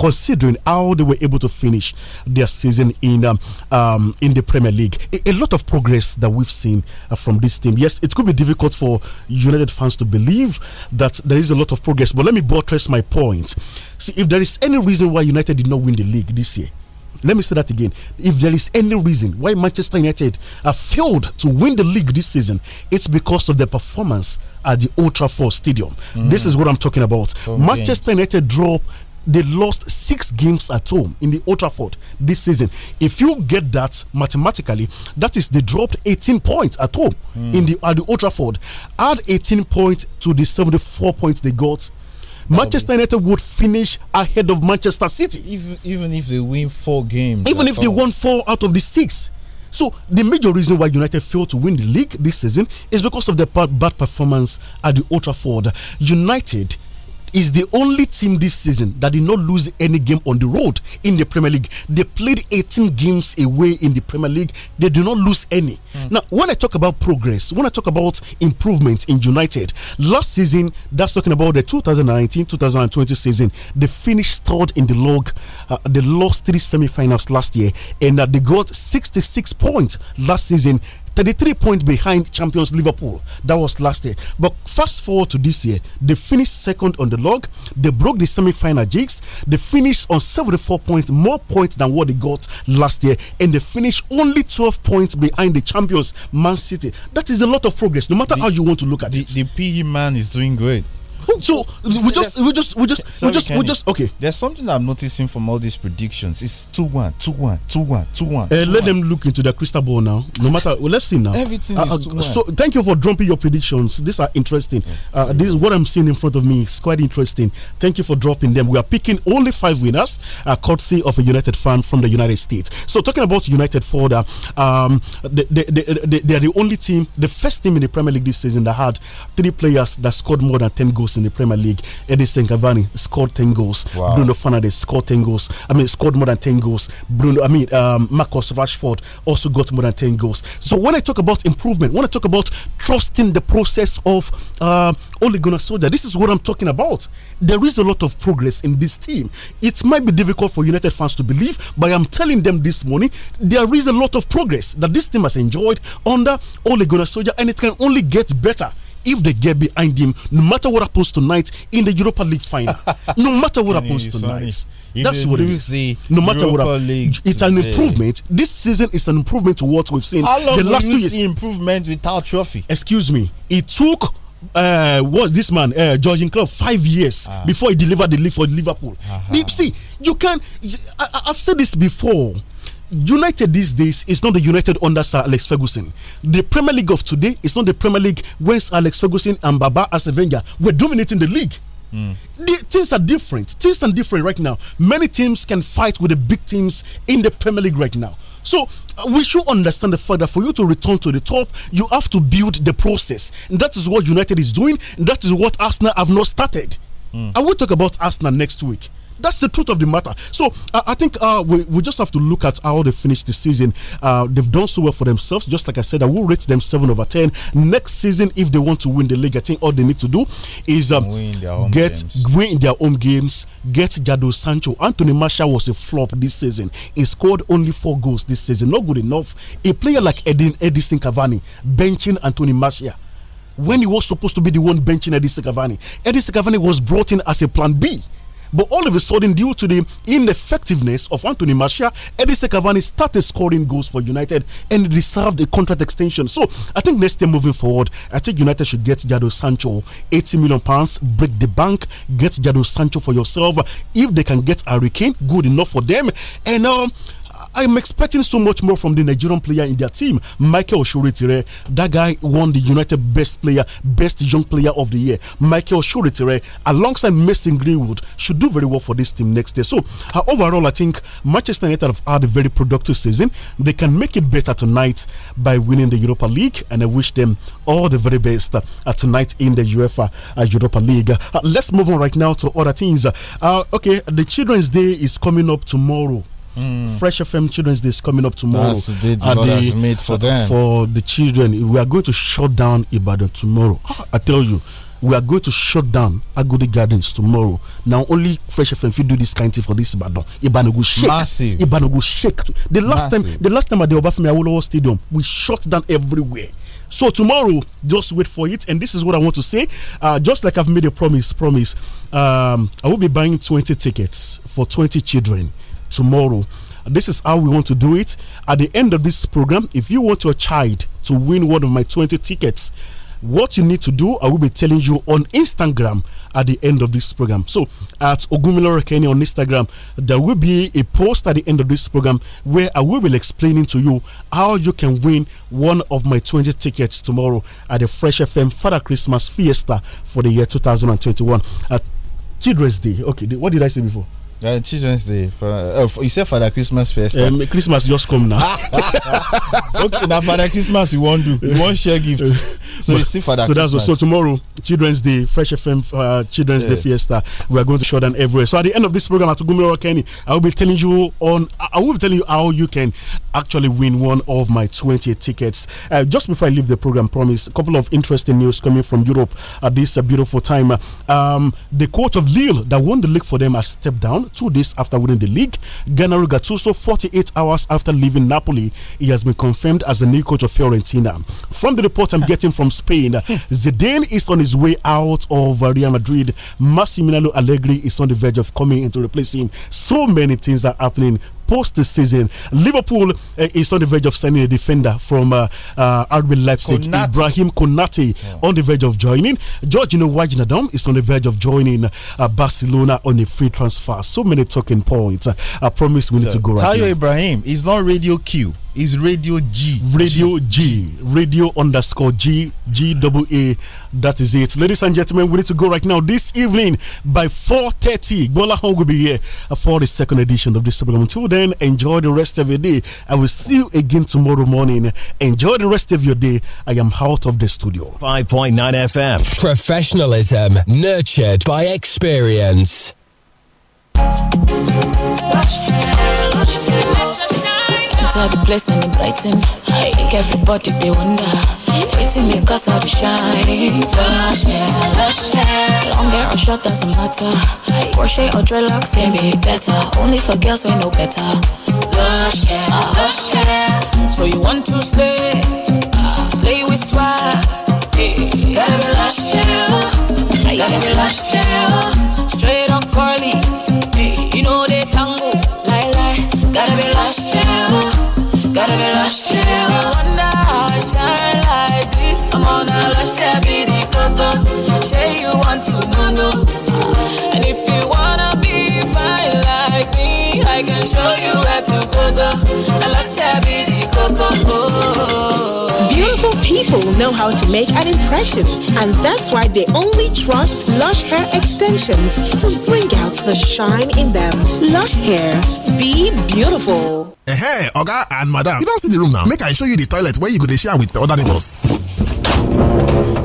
considering how they were able to finish their season in um, um, in the Premier League. A, a, lot of progress that we've seen uh, from this team. Yes, it could be difficult for United fans to believe that there is a lot of progress, but let me buttress my point. See, if there is any reason why United did not win the league this year, let me say that again. If there is any reason why Manchester United have failed to win the league this season, it's because of their performance at the Ultra Four Stadium. Mm. This is what I'm talking about. Manchester United dropped they lost six games at home in the Old Trafford this season. If you get that mathematically, that is they dropped 18 points at home mm. in the at the Old Trafford. Add 18 points to the 74 points they got. Manchester United would finish ahead of Manchester City. Even, even if they win four games. Even if all. they won four out of the six. So the major reason why United failed to win the league this season is because of the bad performance at the Old Trafford. United is the only team this season that did not lose any game on the road in the Premier League. They played 18 games away in the Premier League. They do not lose any. Mm. Now, when I talk about progress, when I talk about improvement in United, last season, that's talking about the 2019-2020 season. They finished third in the log. Uh, they lost three semi-finals last year, and uh, they got 66 points last season. 33 points behind champions Liverpool. That was last year. But fast forward to this year, they finished second on the log. They broke the semi final jigs. They finished on 74 points, more points than what they got last year. And they finished only 12 points behind the champions, Man City. That is a lot of progress, no matter the, how you want to look at the, it. The PE man is doing great so we just we just we just Sorry, we just we just okay. There's something I'm noticing from all these predictions. It's two one, two one, two one, two one. Uh, two let one. them look into the crystal ball now. No matter, well, let's see now. Everything uh, is uh, So thank you for dropping your predictions. These are interesting. Yeah, uh, this what I'm seeing in front of me is quite interesting. Thank you for dropping them. We are picking only five winners, uh, courtesy of a United fan from the United States. So talking about United for um, they are the only team, the first team in the Premier League this season that had three players that scored more than ten goals goals in the Premier League. Edison Cavani scored 10 goals. Wow. Bruno Fernandes scored 10 goals. I mean, scored more than 10 goals. Bruno, I mean, um, Marcus Rashford also got more than 10 goals. So when I talk about improvement, when I talk about trusting the process of uh, Ole Gunnar Soldier, this is what I'm talking about. There is a lot of progress in this team. It might be difficult for United fans to believe, but I'm telling them this morning there is a lot of progress that this team has enjoyed under Ole Gunnar Soldier, and it can only get better if they get behind him, no matter what happens tonight in the Europa League final, (laughs) no matter what happens tonight, that's what it is. No matter Europa what happens, it's an improvement. This season is an improvement to what we've seen. How long the last will you two see improvement without trophy? Excuse me. It took uh, what this man, uh, Georgian five years ah. before he delivered the league for Liverpool. Uh ah, -huh. Ah. See, you can. I, I've said this before United these days is not the United under Sir Alex Ferguson. The Premier League of today is not the Premier League when Sir Alex Ferguson and Baba Asevenga were dominating the league. Mm. The, things are different. Things are different right now. Many teams can fight with the big teams in the Premier League right now. So uh, we should understand the fact that for you to return to the top, you have to build the process. And that is what United is doing. that is what Arsenal have not started. Mm. I will talk about Arsenal next week that's the truth of the matter. So I, I think uh, we, we just have to look at how they finish the season. Uh, they've done so well for themselves. Just like I said, I will rate them 7 over 10. Next season, if they want to win the league, I think all they need to do is um, win get games. win their home games, get Jado Sancho. Anthony Marshall was a flop this season. He scored only four goals this season. Not good enough. A player like Edin, Edison Cavani benching Anthony Marshall when he was supposed to be the one benching Edison Cavani. Edison Cavani was brought in as a plan B but all of a sudden, due to the ineffectiveness of Anthony Martial, Edison Cavani started scoring goals for United and deserved a contract extension. So I think next year moving forward, I think United should get Jadon Sancho, 80 million pounds, break the bank, get Jadon Sancho for yourself. If they can get Harry Kane, good enough for them. And um, uh, I'm expecting so much more from the Nigerian player in their team, Michael Oshoritire. That guy won the United Best Player, Best Young Player of the Year. Michael Oshoritire, alongside Mason Greenwood, should do very well for this team next year. So, uh, overall, I think Manchester United have had a very productive season. They can make it better tonight by winning the Europa League, and I wish them all the very best uh, uh tonight in the UEFA uh, Europa League. Uh, let's move on right now to other things. Uh, okay, the Children's Day is coming up tomorrow. Fresh FM Children's Day is coming up tomorrow. That's the the, has made for them. For the children, we are going to shut down Ibadan tomorrow. Ah, I tell you, we are going to shut down Agodi Gardens tomorrow. Now only Fresh FM will do this kind of thing for this Ibadan. Ibadan will shake. Massive. Ibadan will shake. The last time, the last time at the Obafemi Awolowo Stadium, we shut down everywhere. So tomorrow, just wait for it. And this is what I want to say. Uh, just like I've made a promise, promise. Um, I will be buying 20 tickets for 20 children tomorrow. This is how we want to do it. At the end of this program, if you want your child to win one of my 20 tickets, what you need to do, I will be telling you on Instagram at the end of this program. So at Ogumiloro Kenny on Instagram, there will be a post at the end of this program where I will be explaining to you how you can win one of my 20 tickets tomorrow at the Fresh FM Father Christmas Fiesta for the year 2021 at Children's Day. Okay, what did I say before? Uh, Children's Day. For, uh, for, you said Father Christmas first. Eh? Um, Christmas just come now. (laughs) okay, now Father Christmas you won't do. You won't share gift. (laughs) So you see Father. So Christmas. that's so tomorrow Children's Day, Fresh FM uh, Children's yeah. Day Fiesta. We are going to show them everywhere. So at the end of this program, at Gumiro Kenny, I will be telling you on. I will be telling you how you can actually win one of my 20 tickets. Uh, just before I leave the program, promise a couple of interesting news coming from Europe at this uh, beautiful time. Um, the coach of Lille that won the league for them has stepped down two days after winning the league. Gennaro Gattuso, 48 hours after leaving Napoli, he has been confirmed as the new coach of Fiorentina. From the report I'm getting from Spain, (laughs) Zidane is on his way out of Real Madrid. Massimiliano Allegri is on the verge of coming in to replace him. So many things are happening post the season. Liverpool uh, is on the verge of signing a defender from uh, uh, RB Leipzig, Konate. Ibrahim Konate, yeah. on the verge of joining. Georgino Wajnadam is on the verge of joining uh, Barcelona on a free transfer. So many talking points. I promise we need to go right Tayo Ibrahim is not radio Q is Radio G. Radio G. Radio underscore G. G double A. That is it. Ladies and gentlemen, we need to go right now. This evening by 4.30, Gola Hong will be here for the second edition of this program. Until then, enjoy the rest of your day. I will see you again tomorrow morning. Enjoy the rest of your day. I am out of the studio. 5.9 FM. Professionalism nurtured by experience. Lush hair, lush hair light all the place and it brighten. Make everybody they wonder. Waiting me cause all the shine. Lush hair, lush hair. Long hair or short doesn't matter. Crochet or dreadlocks can be better. Only for girls we know better. Lush hair, lush hair. So you want to slay? Slay with swag. Gotta be lush hair. Gotta be lush hair. Straight people know how to make an impression, and that's why they only trust Lush Hair Extensions to bring out the shine in them. Lush Hair, be beautiful. Hey, Oga and Madam, you don't see the room now. Make I show you the toilet where you could share with the other neighbors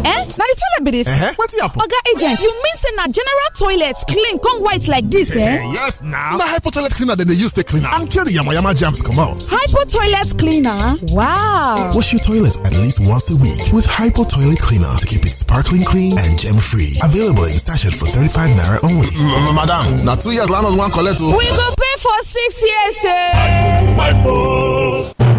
eh now the toilet be dis eh wetin oga agent you mean say na general toilets clean come white like this, eh, eh yes na na hypo toilet cleaner than they use to clean am and kill the yamayama come out. hypo toilet cleaner wow wash your toilet at least once a week with hypo toilet cleaner to keep it sparkling clean and gem free available in sachet for 35 naira only madam now two years land wan one o we go pay for six years eh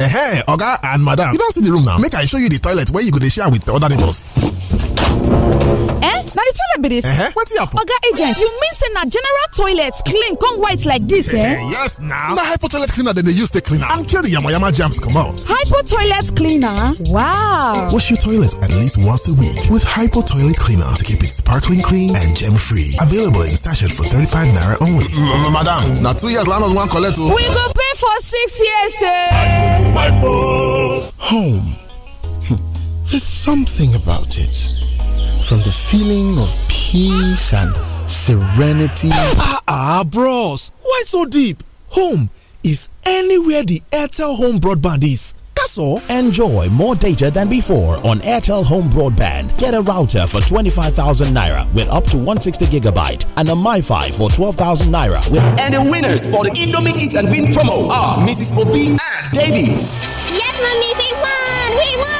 eh oga and madam you don see the room now make i show you the toilet wey you go dey share with other neighbors eh na the toilet be this. eh what e happen. oga agent you mean say na general toilet clean come white like this, eh yes na na hypo toilet cleaner dem dey use cleaner. clean am and kill di yamayama germs comot hypo toilet cleaner wow wash your toilet at least once a week with hypo toilet cleaner to keep it sparkling clean and germ free available in sachet for 35 naira only madam now two years land on one collect oh. we go pay for six years eh my home. Home. There's something about it. From the feeling of peace and serenity. (laughs) Ah, ah, bros. Why so deep? Home is anywhere the Airtel home broadband is that's all. Enjoy more data than before on Airtel Home Broadband. Get a router for 25,000 naira with up to 160 gigabyte and a MiFi for 12,000 naira. With and the winners for the Indomie Eat and Win promo are Mrs. Obi and Davy. Yes, mommy, we won! We won!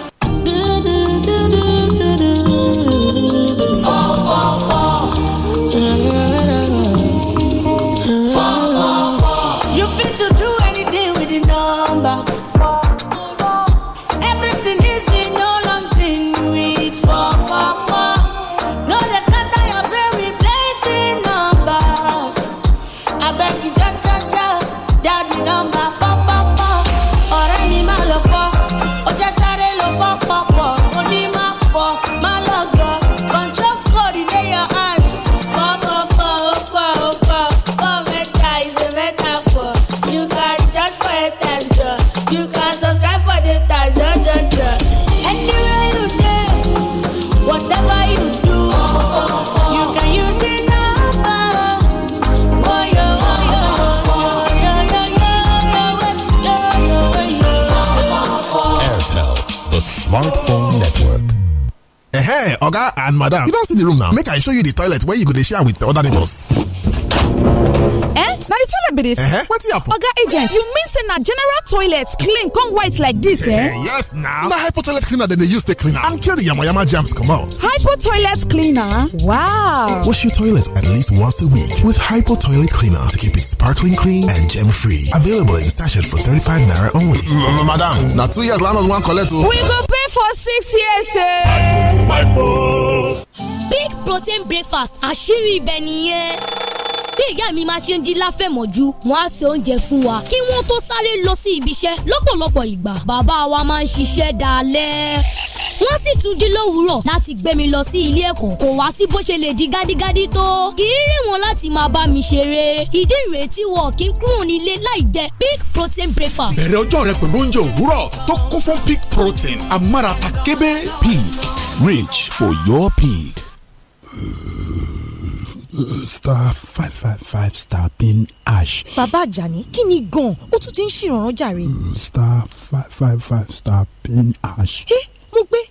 oga and madam you don't see the room now make i show you the toilet where you go dey share with other neighbors. eh na the toilet be dis eh, eh. happen. oga agent you mean say na general toilet clean come white like this? eh, eh yes now. na hypo toilet cleaner than they use to clean am and kill di yamayama germs out. hypo toilet cleaner wow wash your toilet at least once a week with hypo toilet cleaner to keep it sparkling clean and gem free available in sachet for 35 naira only madam now two years landlord one collect o oh. we go for six years. Eh. big protein breakfast àṣírí ibẹ̀ nìyẹn bí ìyá mi máa ṣe ń jí láfẹ̀mọ́jú wọ́n á ṣe oúnjẹ fún wa kí wọ́n tó sáré lọ sí ibiṣẹ́ lọ́pọ̀lọpọ̀ ìgbà bàbá wa máa ń ṣiṣẹ́ dalẹ́ wọ́n sì tún dín lówùúrọ̀ láti gbé mi lọ sí ilé ẹ̀kọ́ kò wá sí bó ṣe lè di gádígádí tó kì í rìn wọn láti máa bá mi ṣeré ìdí ìrètí wọn kì í kúrò nílé láì jẹ big protein breakfast. bẹ̀rẹ̀ ọjọ́ rẹ pẹ̀lú oúnjẹ òwúrọ̀ tó kún fún big protein amárata kébé. pig rich for your pig. star five five five star pin ash. bàbá àjàní kí ni gan-an ó tún ti ń ṣèrànràn jàre. star five five five star pin ash. ẹ eh, mo gbé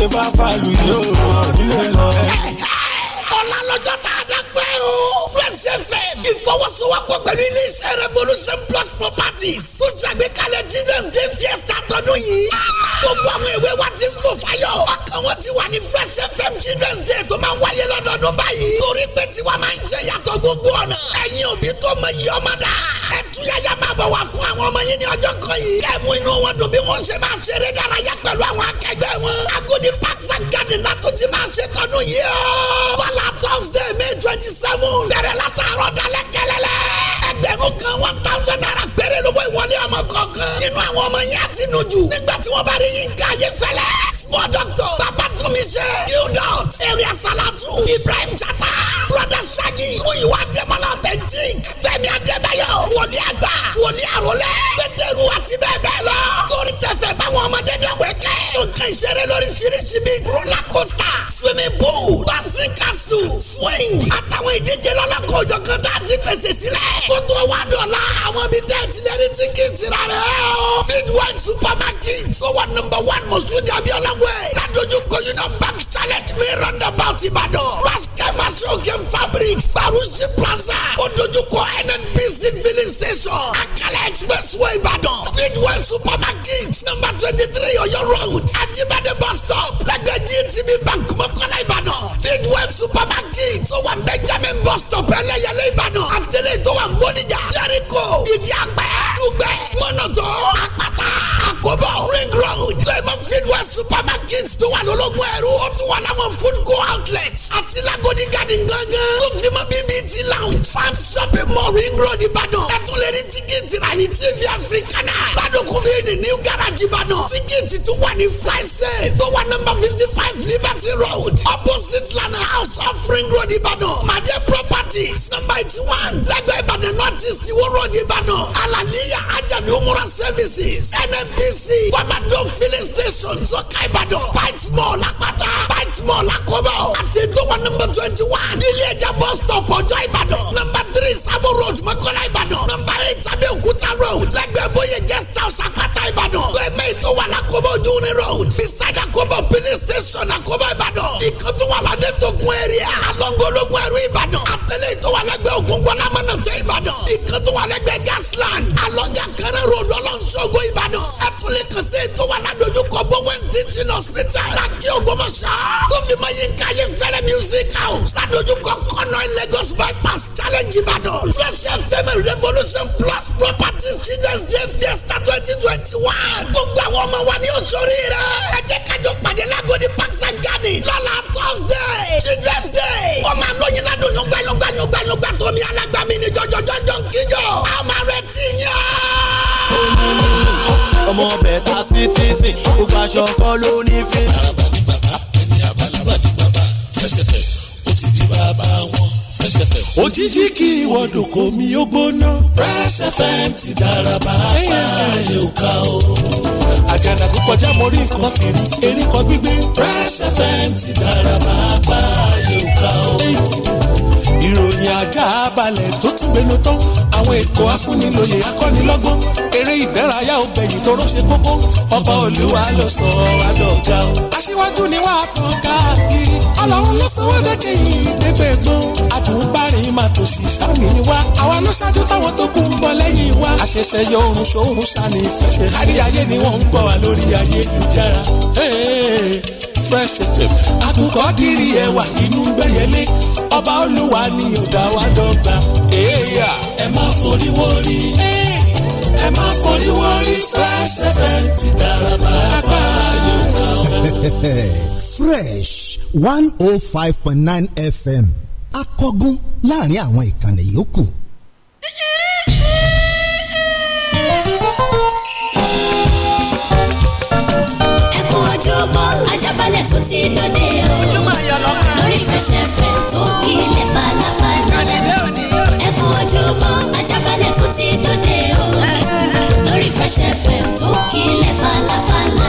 ṣe bá pàlù yìí ó ọdún lè lọ. ọ̀la lọ́jọ́ ta ìfọwọ́sowọ́pọ̀ pẹ̀lú iléeṣẹ́ revolution plus properties tó ṣàgbékalẹ̀ children's day fiesta tọdún yìí. gbogbo àwọn ìwé wa ti ń fò fáyọ̀. ọkàn wọn ti wà ní fresh fm children's day tó máa ń wáyé lọ́dọọdún báyìí. torí pé tiwa máa ń ṣe yàtọ̀ gbogbo ọ̀nà. ẹ̀yin òbí tó mọ iye ọmọ dá. ẹ̀túyàyà máa bọ̀ wá fún àwọn ọmọ yín ní ọjọ́ kan yìí. kẹ́mú inú wọn dùn bí wọ́n ṣe máa ṣeré dárayá pẹ̀lú àwọn akẹgbẹ́ wọn. agodi parks and garden látó ti máa ṣe tọdún yìí. bọ́lá thursday may twenty seven bẹ̀rẹ̀ látàárọ̀ dá kẹ́lẹ́kẹ́lẹ́lẹ́. ẹgbẹ̀rún kan one thousand naira péré lówó ìwọlé ọmọ kọ̀ọ̀kan. inú àwọn ọmọ yẹn á ti nù jù. nígbà tí wọ́n bá rí yín ká yé fẹ́lẹ́. Mo Dr. Babatunmi ṣe. Qdot. Area Salatu. Ibrahim Chata. Brother Shaggy. Muyiwa Demola Authentic. Fẹ́mi Adébáyọ̀. Wòlí àgbà. Wòlí àrólẹ̀. Pétérù àti bẹ́ẹ̀ bẹ́ẹ̀ lọ. Torí tẹ̀fẹ̀ báwọn ọmọdé dọ̀wẹ́ kẹ́. Nǹkan ìṣeré lóríṣiríṣi bíi roller coaster. Swimming pool. Bassin castle. Swing. Àtàwọn ìdíje lọ́lọ́kọ̀ òjò kan tá a ti koto sílẹ̀. Kó tó wá dọ̀la àwọn bíi tẹ́ẹ̀tì lẹ́rìí tíkì tìrà rẹ̀ o. supermarket. so wà number one Mọ̀súdì Abíọ́lá way ládojúkọ union bank challenge mi roundabout ìbàdàn rascal masoke fabric sarusi plaza ó dojúkọ nnpc filling station akala expressway ìbàdàn speedwell supermarket number twenty three ọ̀yọ́ road ajibade bus stop lẹ́gbẹ̀ẹ́ gtb bank mọ́kànlá ìbàdàn speedwell supermarket tó wà benjamin bus stop ẹlẹ́yẹlé ìbàdàn àtẹlẹ́ tó wà ń bọ́díjà jẹ́ríkò ìdí àgbẹ̀ dùgbẹ́ mọ́nàtọ́ àpáta àkóbọ̀ ring road tẹ̀mọ́ fieldwell supermarket tó wà lólógún ẹ̀rú ó tún wà láwọn food co outlet àti lagodi garden gangan tó fi mọ́ bbt lounge farm shopping mall ring road ìbàdàn ẹ tún lè rí tíkẹ́ẹ̀tì rà ní tv africana ládùkún fi ní new garage ìbàdàn tíkẹ́ẹ̀tì tún wà ní flysafe tó wà number fifty five liberty road opposite lana house of ring road ìbàdàn màdé properties number eighty one lẹ́gbẹ̀ẹ́ ìbàdàn north east ìwó road ìbàdàn alaliya ajani umura services nmp dc kọ́mádùn filling station sọ́ka ìbàdàn bite mall àpáta bite mall àkọ́bọ̀ àti tó wà nọ́mbà twenty one nílé ẹja bus stop ọjọ́ ìbàdàn nọ́mbà three sabo road mọ́kànlá ìbàdàn nọ́mbà eight abẹ́òkúta road lẹ́gbẹ̀ẹ́ bóyá guest house àpáta ìbàdàn gbẹ̀mẹ́ ìtọ́ wà lákọ́bọ̀ ojú ní road beside àkọ́bọ̀ filling station àkọ́bọ̀ ìbàdàn ìkọ́tún wà ládé tó kún area alongologun ẹ̀rú ìbàdàn àtẹlẹ́ ìtọ́ wà lẹ́gbẹ̀ẹ́ ògúngbọ́n lámọ́nà tẹ ìbàdàn ìkọ́tún wà lẹ́gbẹ̀ẹ́ gasland alonga kẹrẹ road ọlọ́nṣọ́gbó ìbàdàn ẹ̀t tún lè kàn sí ètò wa ládojúkọ bowen teaching hospital láti Ògbómọ̀ṣọ́ tó yín ká yé fẹ́rẹ́ music house ládojúkọ kọ́nà Lagos bypass challenge Ìbàdàn fresh fm revolution plus properties children's day fiesta twenty twenty one gbogbo àwọn ọmọ wa ni ó sori rẹ ẹ jẹ́ kájọ pàdé lágodi parks and garden lọ́la thursday children's day ọmọ àlọ́yìn ládojúkọ gbanyọgbanyọgbanyọgba tómi alágbàmí ni jọjọjọjọ ń kíjọ àmàrẹ tìyàn ọmọ bẹ̀ta citizen gbogbo aṣọ kọ́ ló ní fi. àràbà ní bàbá ẹni àbálàbà ní bàbá fẹsẹ̀fẹ̀ ó ti di baba. wọn fẹsẹ̀fẹ̀. òjijì kí ìwọ́dùn kò mí ó gbóná. fẹsẹ̀fẹ̀ ti dára bàbá ayé ò ká o. àjànà kó kọjá mo rí nǹkan fìrí erí kan gbígbé. fẹsẹ̀fẹ̀ ti dára bàbá ayé ò ká o. ìròyìn ajá balẹ̀ tó alágbèénu tán àwọn ètò afúnilòyè akọ́nilọ́gbọ́n eré ìdárayá obìnrin tó rọ́ṣẹ́ kókó ọba olúwa ló sọ adọ́gà o. aṣíwájú ni wàá tàn káàkiri ọlọ́run ló sọ wọ́n gẹ́gẹ́ yìí débẹ̀ gbọ́n àtúbárìn máa tò sí sáni wa àwa ló ṣáájú táwọn tó kù ń bọ̀ lẹ́yìn wa. àṣẹ̀ṣẹ̀ yọ oorun ṣòun ṣàní ìfẹsẹ̀ kárí ni wọ́n ń gbọ́ wa lórí ayélujára fresh fm àkùkọ dírí ẹwà inú gbẹ̀yẹlé ọba olúwa ni ó wa dọ́gba. ẹ má forí wọrí ẹ má forí wọrí fresh fm ti dára pàápàá yóò kàn án. fresh one oh five point nine fm akọgun láàrin àwọn ìkànnì yòókù. tó ti dòde o lórí fẹsẹ̀fẹ̀ tó kílẹ̀ falafala ẹ kú ojúmọ́ ajábalẹ̀ tó ti dòde o lórí fẹsẹ̀fẹ̀ tó kílẹ̀ falafala.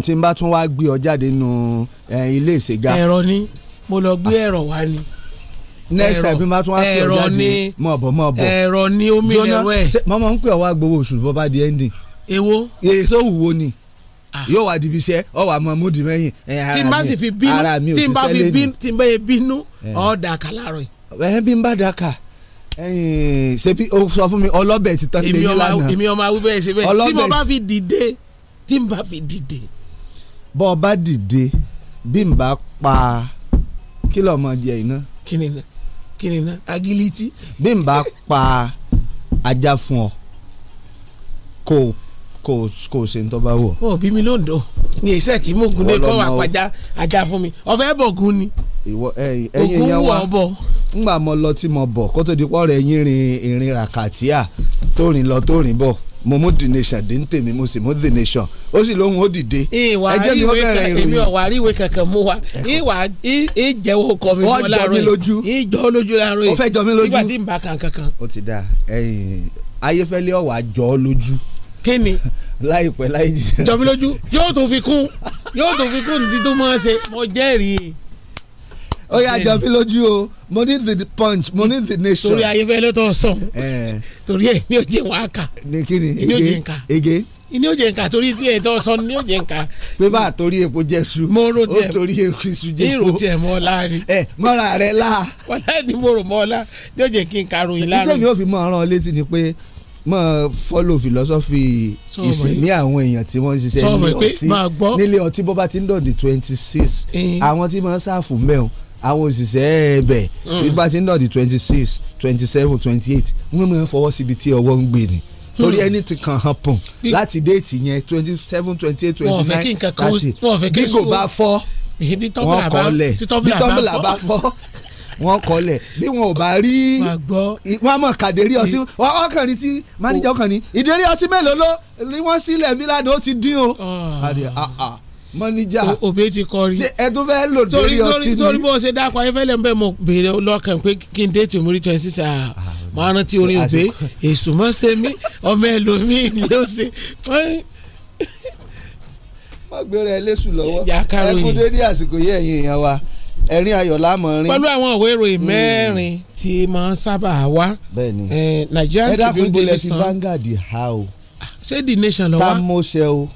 time tí n bá tún wá gbé ọ jáde nínú ilé ìṣègà. ẹ̀rọ ni mo lọ gbé ah. ẹ̀rọ wá ni. next time bí n bá tún wá gbé ọ jáde mọ̀ bọ̀ mọ̀ bọ̀. ẹ̀rọ ni omi ẹ̀rọ ẹ̀. mọ́mọ́ ń pè ọ wá gbowó oṣù bọ́ bá di ending. Ewo? èyí tó wù wo ni ah. yóò wá dibi iṣẹ́ ọ wà mọ múdi mẹyìn. tí n bá sì fi bínú tí n bá fi bínú tí n bá yẹ bínú ọ dàkà láàárọ̀ yìí. ẹ bí n bá dàkà ṣe o sọ fún mi ọlọ́bẹ̀ ti tán lẹ́yìn lánàá èmi ọmọ awúbẹ̀ ṣe bẹ́ẹ̀ tí mo bá fi dìde tí n bá fi dìde bọ́ ọ bá dìde bí n bá pa kí lọ́mọ jẹ iná. kí ni na bí n bá pa ajá fún ọ kò kò kò ṣe ń tọ́ba wọ̀. ó bí mi ló ń dùn ní ìṣe kí mo ní kọ́ wà ajá fún mi ọ̀fẹ́ bọ̀ gun ni ogun wọ̀ ọ bọ̀. ńgbà mo lọ tí mo bọ̀ kó tó di pọ́ rẹ̀ yín rin ìrìn ràkàtíà tó rìn lọ tó rìn bọ̀ mo mú the nation dé ń tèmi mo sì mú the nation ó sì lóhun ó dìde. ẹjẹ mi wọ́n èmi ọ̀wà àríwé kankan mú wa ìwà ìjẹ́wọ́ kọ mi mọ́ láàárọ̀ yìí ìjọ lójú láàárọ̀ yìí ó fẹ́ jọ mi lójú ìgbà tí kan kankan. ó ti da ẹyin ayéfẹ́lẹ́ ọ̀wà jọ ọ́ lójú. kí (laughs) láìpẹ́ láì jẹ́. yóò tún fi kún yóò tún fi kún ní títún mọ́ ṣe mo jẹ́rìí ó yà jọ mí lójú o mo ní the punch mo ní the nation. torí ayé fẹ́ ló tó sọ torí ẹ̀ ní òjì wọn kà ní òjì nǹkan ege ní òjì nǹkan torí tí ẹ̀ tó sọ ní òjì nǹkan. pé bá a torí epo jẹ su mo ro tiẹ̀ o torí epo su jẹ epo ìrò tiẹ̀ mọ́ ọ̀la rí. ẹ mọ́ra rẹ la. wọ́n ní mo rò mọ́ ọ̀la ní òjì kí n karùn yìí láàrú. ìjọba yóò fi mọ ọ̀ràn létí ni pé mọ fọlọ philosophy ìsẹ̀mí àwọn èèyàn tí wọ́n ń ṣiṣẹ́ nílé ọtí nílé ọtí bó bá ti ń dọ̀dí twenty six eh. àwọn tí wọ́n ń ṣàfù mẹ́wọ̀n àwọn òṣìṣẹ́ ẹ̀bẹ̀ bí mm. bá ti ń dọ̀dí twenty six twenty seven twenty eight wọ́n mọ̀ ń fọwọ́ síbi tí ọwọ́ ń gbé ni hmm. torí ẹni ti kàn án pọ̀n láti déètì yẹn twenty seven twenty eight twenty nine thirty bí kò bá fọ́ wọ́n kọ́ lẹ̀ bí tọ́mìlà bá fọ́ wọn kọlẹ bí wọn ò bá rí wọn mọ kàdérí ọtí ọkàn ní ti máníjà ọkàn ní ìdérí ọtí mélòó ló ni wọn sílẹ̀ mílíọnù ó ti dín o. Ah. Ah, ah mọ́níjà òbí ti kọrí ṣe ẹdun fẹ́ lò lórí ọtí mi. torí bó ṣe dákọ̀ ayéfẹ́lẹ́ bẹ́ẹ̀ mo béèrè lọ́kàn pé kí n dé tì mú rí twenty six ah, ah máa rántí orin òbí èṣù mọ́ ṣe mí ọmọ ẹlòmíì ló ṣe. má gbéra ẹlẹ́sù lọ́wọ́ ẹ dé ní àsìkò yẹ ẹ̀yin èèyàn wa ẹ̀rín ayọ̀ lámọ̀ pẹ̀lú àwọn ìwé ìròyìn hmm. mẹ́rin tí máa ń sábà wá Nigerian Tribune Daily Sun ah, The Nation lọ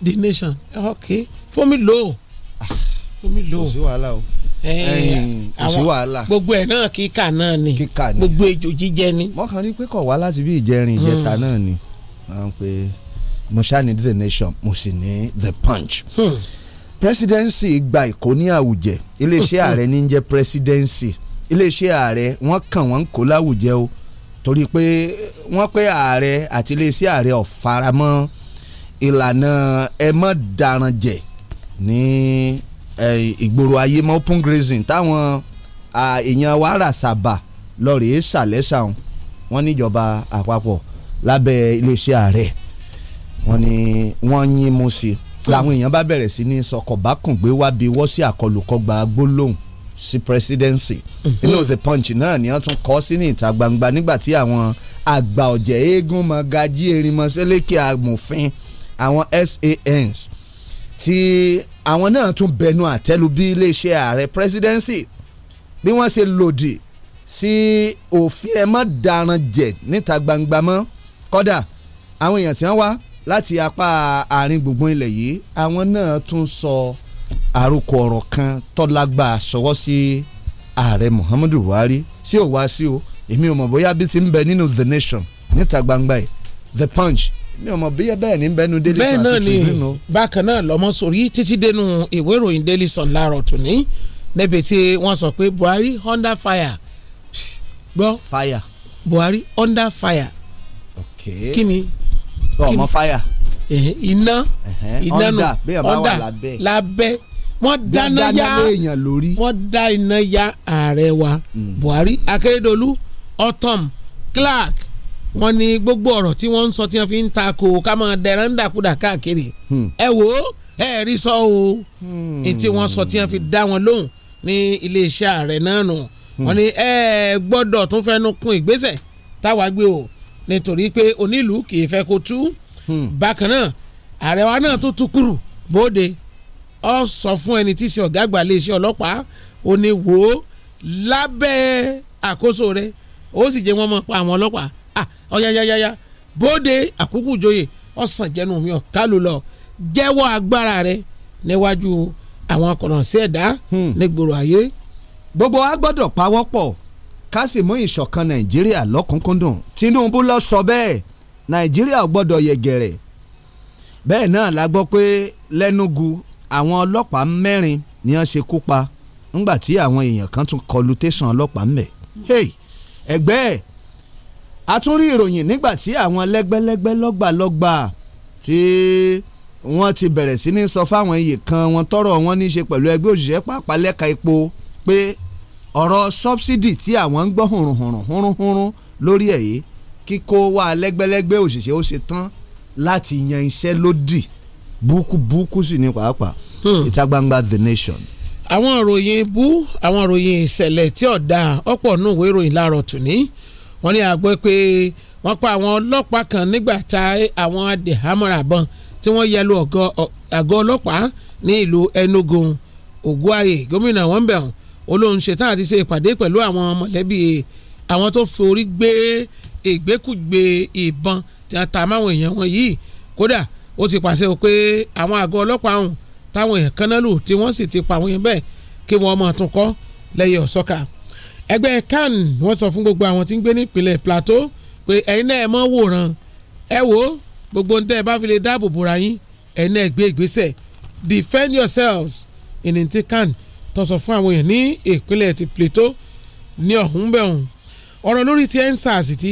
The Nation ok fómi lò ó ah, fómi lò ó kò sí wàhálà o kò sí wàhálà gbogbo ẹ̀ náà kíkà náà ni kíkà ni gbogbo ejò jíjẹ ni. mọ́kàn rí pé kọ̀ wá láti bí ìjẹrin hmm. ìjẹta náà ni wọ́n pe mo ṣáà the nation mo sì ní the punch. Hmm. presidency gba ìkó ní àwùjẹ iléeṣẹ́ hmm. ààrẹ ní jẹ́ presidency iléeṣẹ́ ààrẹ wọ́n kàn wọ́n ń kó láwùjẹ o torí pé wọ́n pé ààrẹ àti iléeṣẹ́ ààrẹ ò faramọ́ ìlànà ẹ má daran ní ìgboro ayé mọ́ open grazing táwọn èèyàn wàrà sábà lọ́ọ̀rẹ́ ṣàlẹ́ṣà wọn níjọba àpapọ̀ lábẹ́ iléeṣẹ́ ààrẹ wọn ni wọ́n yín mú sí làwọn èèyàn bá bẹ̀rẹ̀ sí ní sọkọ̀bákùngbé wábi wọ́ sí àkọlùkọgbà gbólóhùn sí presidency mhm. inú the punch náà ni wọ́n tún kọ sí ní ìta gbangba nígbà tí àwọn àgbà ọ̀jẹ̀ eégún mọ̀gájí erinmọ̀sẹ́lẹ̀kẹ̀ amòfin àwọn SANs tí àwọn náà tún bẹnu àtẹ́lu bí iléeṣẹ́ ààrẹ presidency bí wọ́n ṣe lòdì sí òfin ẹ má daran jẹ níta gbangba mọ́ kódà àwọn èèyàn tí wọ́n wá láti apá àárín gbùngbùn ilẹ̀ yìí àwọn náà tún sọ àròkọ ọ̀rọ̀ kan tọ́lágbà sọwọ́ sí ààrẹ Muhammadu Buhari sí òwá sí o èmi ò mọ̀ bóyá bí ti ń bẹ nínú The Nation níta gbangba yìí The Punch mi ò mọ̀ bí bẹ́ẹ̀ ní bẹ́nu daily sun àti tribune o. bákan náà lọ́mọ sórí títí dénú ìwé ìròyìn daily sun láàárọ̀ tòní níbi tí wọ́n sọ pé Buhari under fire gbọ́ fire Buhari under fire okay. kí ni ọmọ fire eh, iná iná nù ọ̀dà lábẹ́ wọ́n dáná ya wọ́n dá iná ya ààrẹ wa hmm. Buhari Akérèdọ́lù Autumn. Clark wọ́n ní gbogbo ọ̀rọ̀ tí wọ́n ń sọ tí wọ́n fi ń ta ko ká máa dẹ̀rán dàkúdà káàkiri hmm. ẹ wò ó ẹ rí sọ o hmm. ní tí wọ́n sọ tí wọ́n fi dá wọn lóhùn ní iléeṣẹ́ ààrẹ náà nù wọ́n ní ẹ gbọ́dọ̀ tún fẹ́nu kún ìgbésẹ̀ táwa gbé o nítorí pé onílùú kì í fẹ́ kó tú hmm. bákan náà ààrẹ wa náà tó tukuru bóde ọ sọ fún ẹni tí í ṣe ọ̀gá àgbà iléeṣẹ́ ọlọ́pàá ó ní wò ó lábẹ́ àkóso rẹ̀ ó sì jẹ́ wọ́n mọ̀ pa àwọn ọlọ́pàá ọ̀yáyáyáyá bóde àkókò ìjòyè ọ̀sán jẹnu mi ò kálù lọ jẹ́wọ́ agbára rẹ níwájú àwọn akọ̀nà sí ẹ̀dá hmm. nígboro ayé. gbogbo a gbọ́dọ̀ pawọ́pọ̀ ká sì mú ìṣọ̀kan nàìjíríà lọ́kùnkúndùn tinubu lọ sọ bẹ́ẹ̀ nàìjíríà ò gbọ́dọ̀ yẹgẹrẹ bẹ́ẹ̀ náà la gbọ́ pé lẹ́nugu àwọn ọlọ́pàá mẹ́rin ni wọ́n ṣe kú pa ńgbà tí àwọn èèyàn kan tún kọlu tẹ̀sán ọlọ́pàá ń ẹgbẹ́ ẹ̀ a tún rí ìròyìn nígbà tí àwọn lẹ́gbẹ́lẹ́gbẹ́ lọ́gbàlọ́gbà tí wọ́n ti bẹ̀rẹ̀ sí ní sọ fáwọn iye kan wọn tọrọ wọn ní í ṣe pẹ̀lú ẹgbẹ́ òṣìṣẹ́ pàápàá lẹ́ka epo pé ọ̀rọ̀ sọ́bsidì tí àwọn ń gbọ́ hùrùnhùrùnhùrùnhùrùn lórí ẹ̀ yìí kíkó wá lẹ́gbẹ́lẹ́gbẹ́ òṣìṣẹ́ ó ṣe tán láti yan iṣẹ́ lódì búkúbúkú sì ní pàápàá hmm. ìta gbangba the nation. àwọn ìròyìn bú àwọn ìròyìn ìṣẹ̀lẹ̀ tí ọ̀dà ọ̀pọ̀ nù ìwé ìròyìn láàárọ̀ tòní wọ́n ní àgbọ̀ pé wọ́n pa àwọn ọlọ́pàá kan nígbà tá àwọn adìhámọ́ra bọ́n tí wọ́n yẹ lu àgọ́ ọlọ́pàá ní ìlú Enugu Ògúwàyè gómìnà wọn bẹ̀ hàn olóhùn ṣetán àti ṣe ìpàdé pẹ̀lú àwọn mọ̀lẹ́bí àwọn tó forí gbé ìgbékùgbé ìbọn tí wọ́n ta máwọn èèyàn wọn yìí kódà ó ti pàṣẹ pé àwọn àgọ́ ọlọ́pàá ọ̀hún táwọn èèyàn kan náà lù tí wọ́n sì ti pa àwọn èèyàn bẹ́ẹ̀ kí wọ́n mọ̀ tún kọ́ lẹ́yìn ọ̀sọ́ka ẹgbẹ́ CAN wọ́n sọ fún gbogbo àwọn tí ń gbé nípínlẹ̀ Plateau pé ẹ̀yin náà ẹ mọ́ wòran ẹ wo gbogbo ntẹ́ ẹ bá fi lè dáàbò bora yín ẹ̀yin náà gbé ìgbésẹ̀ defend yourselves ìní ti CAN tó sọ fún àwọn èèyàn ní ìpínlẹ̀ ti Plateau ní ọ̀hún bẹ̀hùn ọ̀rọ̀ lórí ti EndSARS tí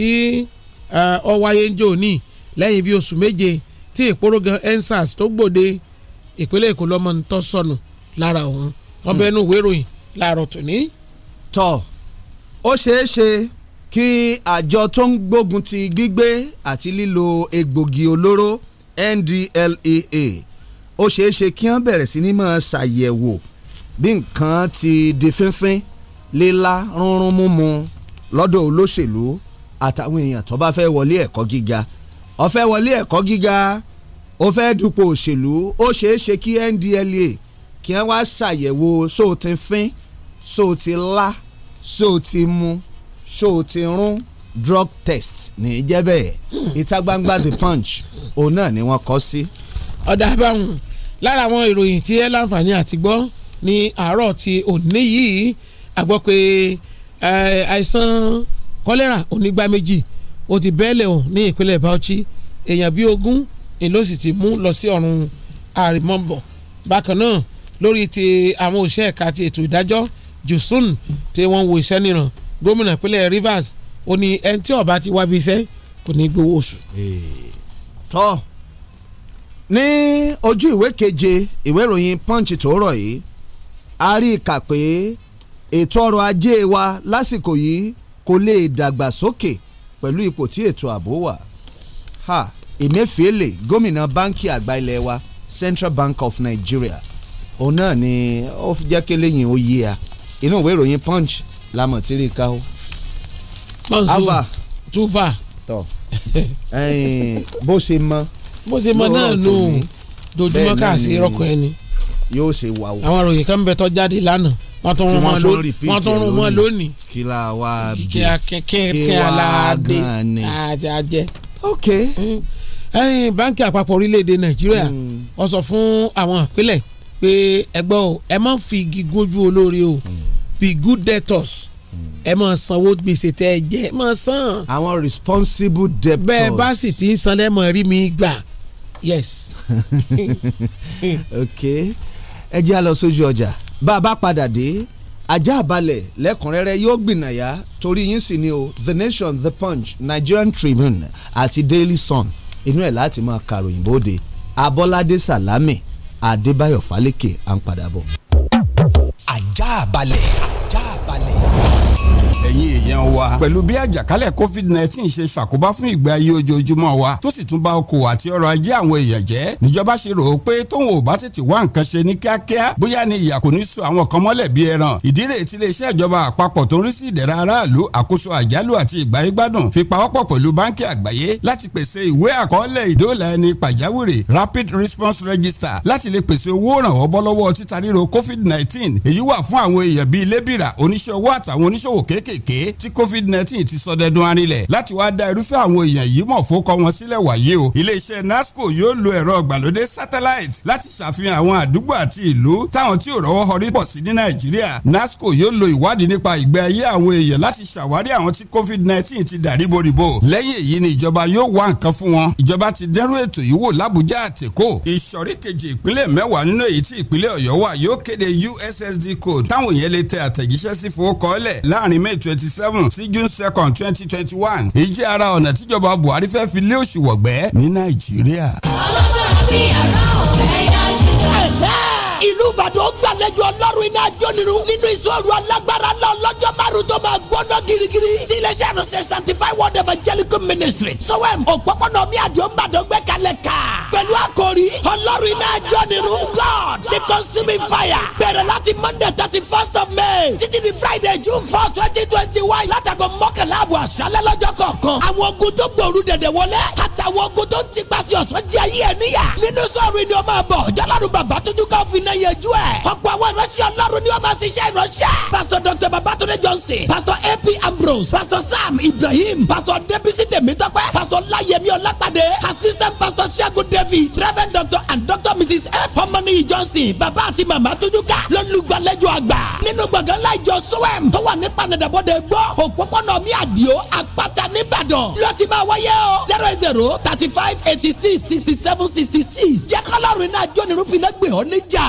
ó wáyé ń jò ní lẹ́yìn bí oṣù méje tí ìpórógan EndSARS tó gbòde ìpínlẹ̀ Èkó lọ́mọ ń tọ́ sọnù lára òun ọbẹ̀ inú ìwé ìròyìn láàárọ̀ tòní. tọ́ ó ṣeé ṣe kí àjọ tó ń gbógun ti gbígbé àti lílo egbògi olóró NDLEA ó ṣeé ṣe kí wọ́n bẹ̀rẹ̀ sí ní máa ṣàyẹ̀wò bí nǹkan ti di fínfín lílá rúnrún múmu lọ́dọ̀ olóṣèlú àtàwọn èèyàn tó bá fẹ́ wọlé ẹ̀kọ́ gíga ó fẹ́ wọlé ẹ̀kọ́ gíga ó fẹ́ dupò òṣèlú ó ṣeé ṣe kí NDLEA kí wọ́n wá ṣàyẹ̀wò sóòtín fín sóòtín ṣó o ti mu ṣó o ti rún drug test ní í jẹ́ bẹ́ẹ̀ ìta gbangba the punch òun náà ni wọ́n kọ́ sí. ọ̀dà báwọn lára àwọn ìròyìn tí ẹ láǹfààní àti gbọ́ ní àárọ̀ ti òní yìí a gbọ́ pé àìsàn kọ́lẹ́rà onígbá méjì ó ti bẹ́ẹ̀lẹ̀ hàn ní ìpínlẹ̀ Bauchi èèyàn bíi ogún ló sì ti mú lọ sí ọ̀run àrèmọ́bọ̀ bákan náà lórí ti àwọn òṣìṣẹ́ ẹ̀ka ètò ìdájọ́ Jusun tí wọ́n ń wo iṣẹ́ níran gómìnà ìpínlẹ̀ Rivers ó ní ẹni tí ọba ti wábi iṣẹ́ kò ní gbowó oṣù. tọ́ ní ojú ìwé keje ìwé ìròyìn Punch tó rọ̀ yìí a rí i kà pé ètò ọrọ̀ ajé wa lásìkò yìí kò lè dàgbà sókè pẹ̀lú ipò tí ètò ààbò wà. ha Emefiele gómìnà báńkì àgbà ilé wa Central Bank of Nigeria òun náà ni ó jẹ́ kí lẹ́yìn ó yé a inú ìwé ìròyìn punch la mọ̀ tí rí ká o. ava tufa. tọ bó ṣe mọ. bó ṣe mọ náà nù dojúmọ́ ká sí rọ́kọ ẹni. yóò ṣe wà o. àwọn ìròyìn kan bẹ tó jáde lánàá wọ́n tún rún wọn lónìí wọ́n tún rún wọn lónìí. kí la wá bí kí wá gan ni. àti àjẹ. ok. Mm. ẹyin báńkì àpapọ̀ orílẹ̀-èdè nàìjíríà mm. wọ́n sọ fún àwọn ìpínlẹ̀ pé ẹgbẹ́ ẹ má fi igi gójú olóore o. Mm be good debtors hmm. ẹ mọ̀ sanwó gbèsè tẹ́ ẹ jẹ́ ẹ mọ̀ san. àwọn responsible debtors. bẹ́ẹ̀ bá sì ti ń san lẹ́mọ̀ rí mi gbà yes. (laughs) ok ẹ jẹ́ a lọ sójú ọjà bá a bá padà dé ajá balẹ̀ lẹ́kùnrẹ́rẹ́ yóò gbìnàyà torí yín sì ni o The Nation, The Punch, Nigerian Tribune àti Daily Sun inú ẹ̀ láti máa kàròyìn bóde Abọ́ládé Sàlámì Adébáyọ̀ Fálékè à ń padà bọ̀ ajá balẹ̀. ajá ẹ̀yin èèyàn wa. pẹ̀lú bí àjàkálẹ̀ covid-19 ṣe ṣàkóbá fún ìgbé ayé ojoojúmọ́ wa tó sì tún bà okòwò àti ọrọ̀ ajé àwọn èèyàn jẹ́ níjọba ṣe rò ó pé tóun ò bá tètè wá nǹkan ṣe ní kíákíá bóyá ni ìyà kò ní sọ àwọn kan mọ́lẹ̀ bí ẹran ìdí rèé tí iléeṣẹ́ ìjọba àpapọ̀ tó ń rí sí ìdẹ̀ra aráàlú àkóso àjálù àti ìgbáyégbádùn fi pawọ́pọ̀ pẹ̀lú báńkì àgbáyé láti pèsè ìwé àkọọ́lẹ̀ ìdóòlà ẹni pàjáwìrì rapid response register láti lè pèsè owó ìrànwọ́ bọ́ lọ́wọ́ títa ríro covid-19 èyí wà fún àwọn èèyàn bíi lébìrà oníṣẹ́ owó àtàwọn oníṣòwò kéékèèké kéékèèké tí covid-19 ti sọdẹdun arinlẹ̀ láti wá dá irúfẹ́ àwọn èèyàn yìí mọ̀ fó kọ́ wọn sílẹ̀ wáyé o iléeṣẹ́ nasco yóò lo ẹ̀rọ ìgbàlódé satellite láti ṣàfihàn àwọn àdúgbò àti ìlú táwọn tí ò rọ́wọ́ họrí pọ̀ sí ní nàìjíríà nasco yóò lo ìwádìí nípa ìgbé ayé àwọn èèyàn láti ṣàwárí àwọn tí covid-19 ti dà ríboríbo lẹ́yìn èyí ni ìjọba yóò wá nǹkan fún wọn ìjọba ti dẹ́rù ètò yìí wò lábújá àtẹ̀kọ́ ìsọ̀rí kejì ìpínlẹ̀ mẹ́wàá nínú èyí tí ìpínlẹ̀ ọ̀yọ́ wà yóò kéde ussd code táwọn yẹn lè tẹ àtẹ̀jíṣẹ́ sí fowókọ́lẹ̀ láàrin may twenty seven sí june second twenty twenty one èyí jẹ́ ara ọ̀nà tíjọba buhari fẹ́ fi lé òṣì wọ̀gbẹ́ ní nàìjíríà. ọlọ́pàá bí àrà ọ̀rẹ́ yá jù lọ. ìlú ìbàdàn gbàlejò ọlọ́run iná jó nínú nínú ìṣòro alágbára la ọlọ́jọ́ márùn tó máa gbọ́dọ̀ girigiri tí iléeṣẹ́ ìrọ̀sẹ̀ sanctify world evangelical ministry sowem òpópónà omi àdìo ńbàdàn gbé kalẹ̀ ká pẹ̀lú àkòrí ọlọ́run iná jó nínú god the consuming fire bẹ̀rẹ̀ láti monday thirty first of may títí di friday june four twenty twenty one látàgọ mọ́kànlá àbọ̀ àṣálẹ́ lọ́jọ́ kọ̀ọ̀kan àwọn ogun tó gbòòrú dẹ̀dẹ̀ wọlé àtàwọn ogun tó ti pàṣẹ ọ̀sán jẹ́ ayé ẹ̀ níyà nínú sọ̀rọ̀ ìní ọmọ àbọ̀ jọlọ́run bàbá tójú ká fi náà yẹjú ẹ̀ ọ̀pọ̀ àwọn ìránṣẹ́ ọlọ́run ni wọ́n máa ṣiṣẹ́ ìránṣẹ́. pásítọ̀ dr babatunde johnson pásítọ̀ ap ambrose Pastor sam ibrahim pásítọ̀ debisi tèmítọ́pẹ́ pásítọ̀ láyẹmí ọlápàdé assistant Pastor ṣẹ́gun david reverend doctor and doctor mrs f ọmọnìyí johnson bàbá àti màmá tujuka lọ́lùgbàlejò àgbà nínú gbọ̀ngàn láìjọ sowem tó wà ní panadabọ́dẹ gbọ́ òpópónà mi àdìo àpáta nìbàdàn ló ti máa wáyé o zero zero thirty five eighty six sixty seven sixty six jẹ́ kọ́lọ́run náà jóni rúfin lẹ́gbẹ̀ẹ́ ọ́ níjà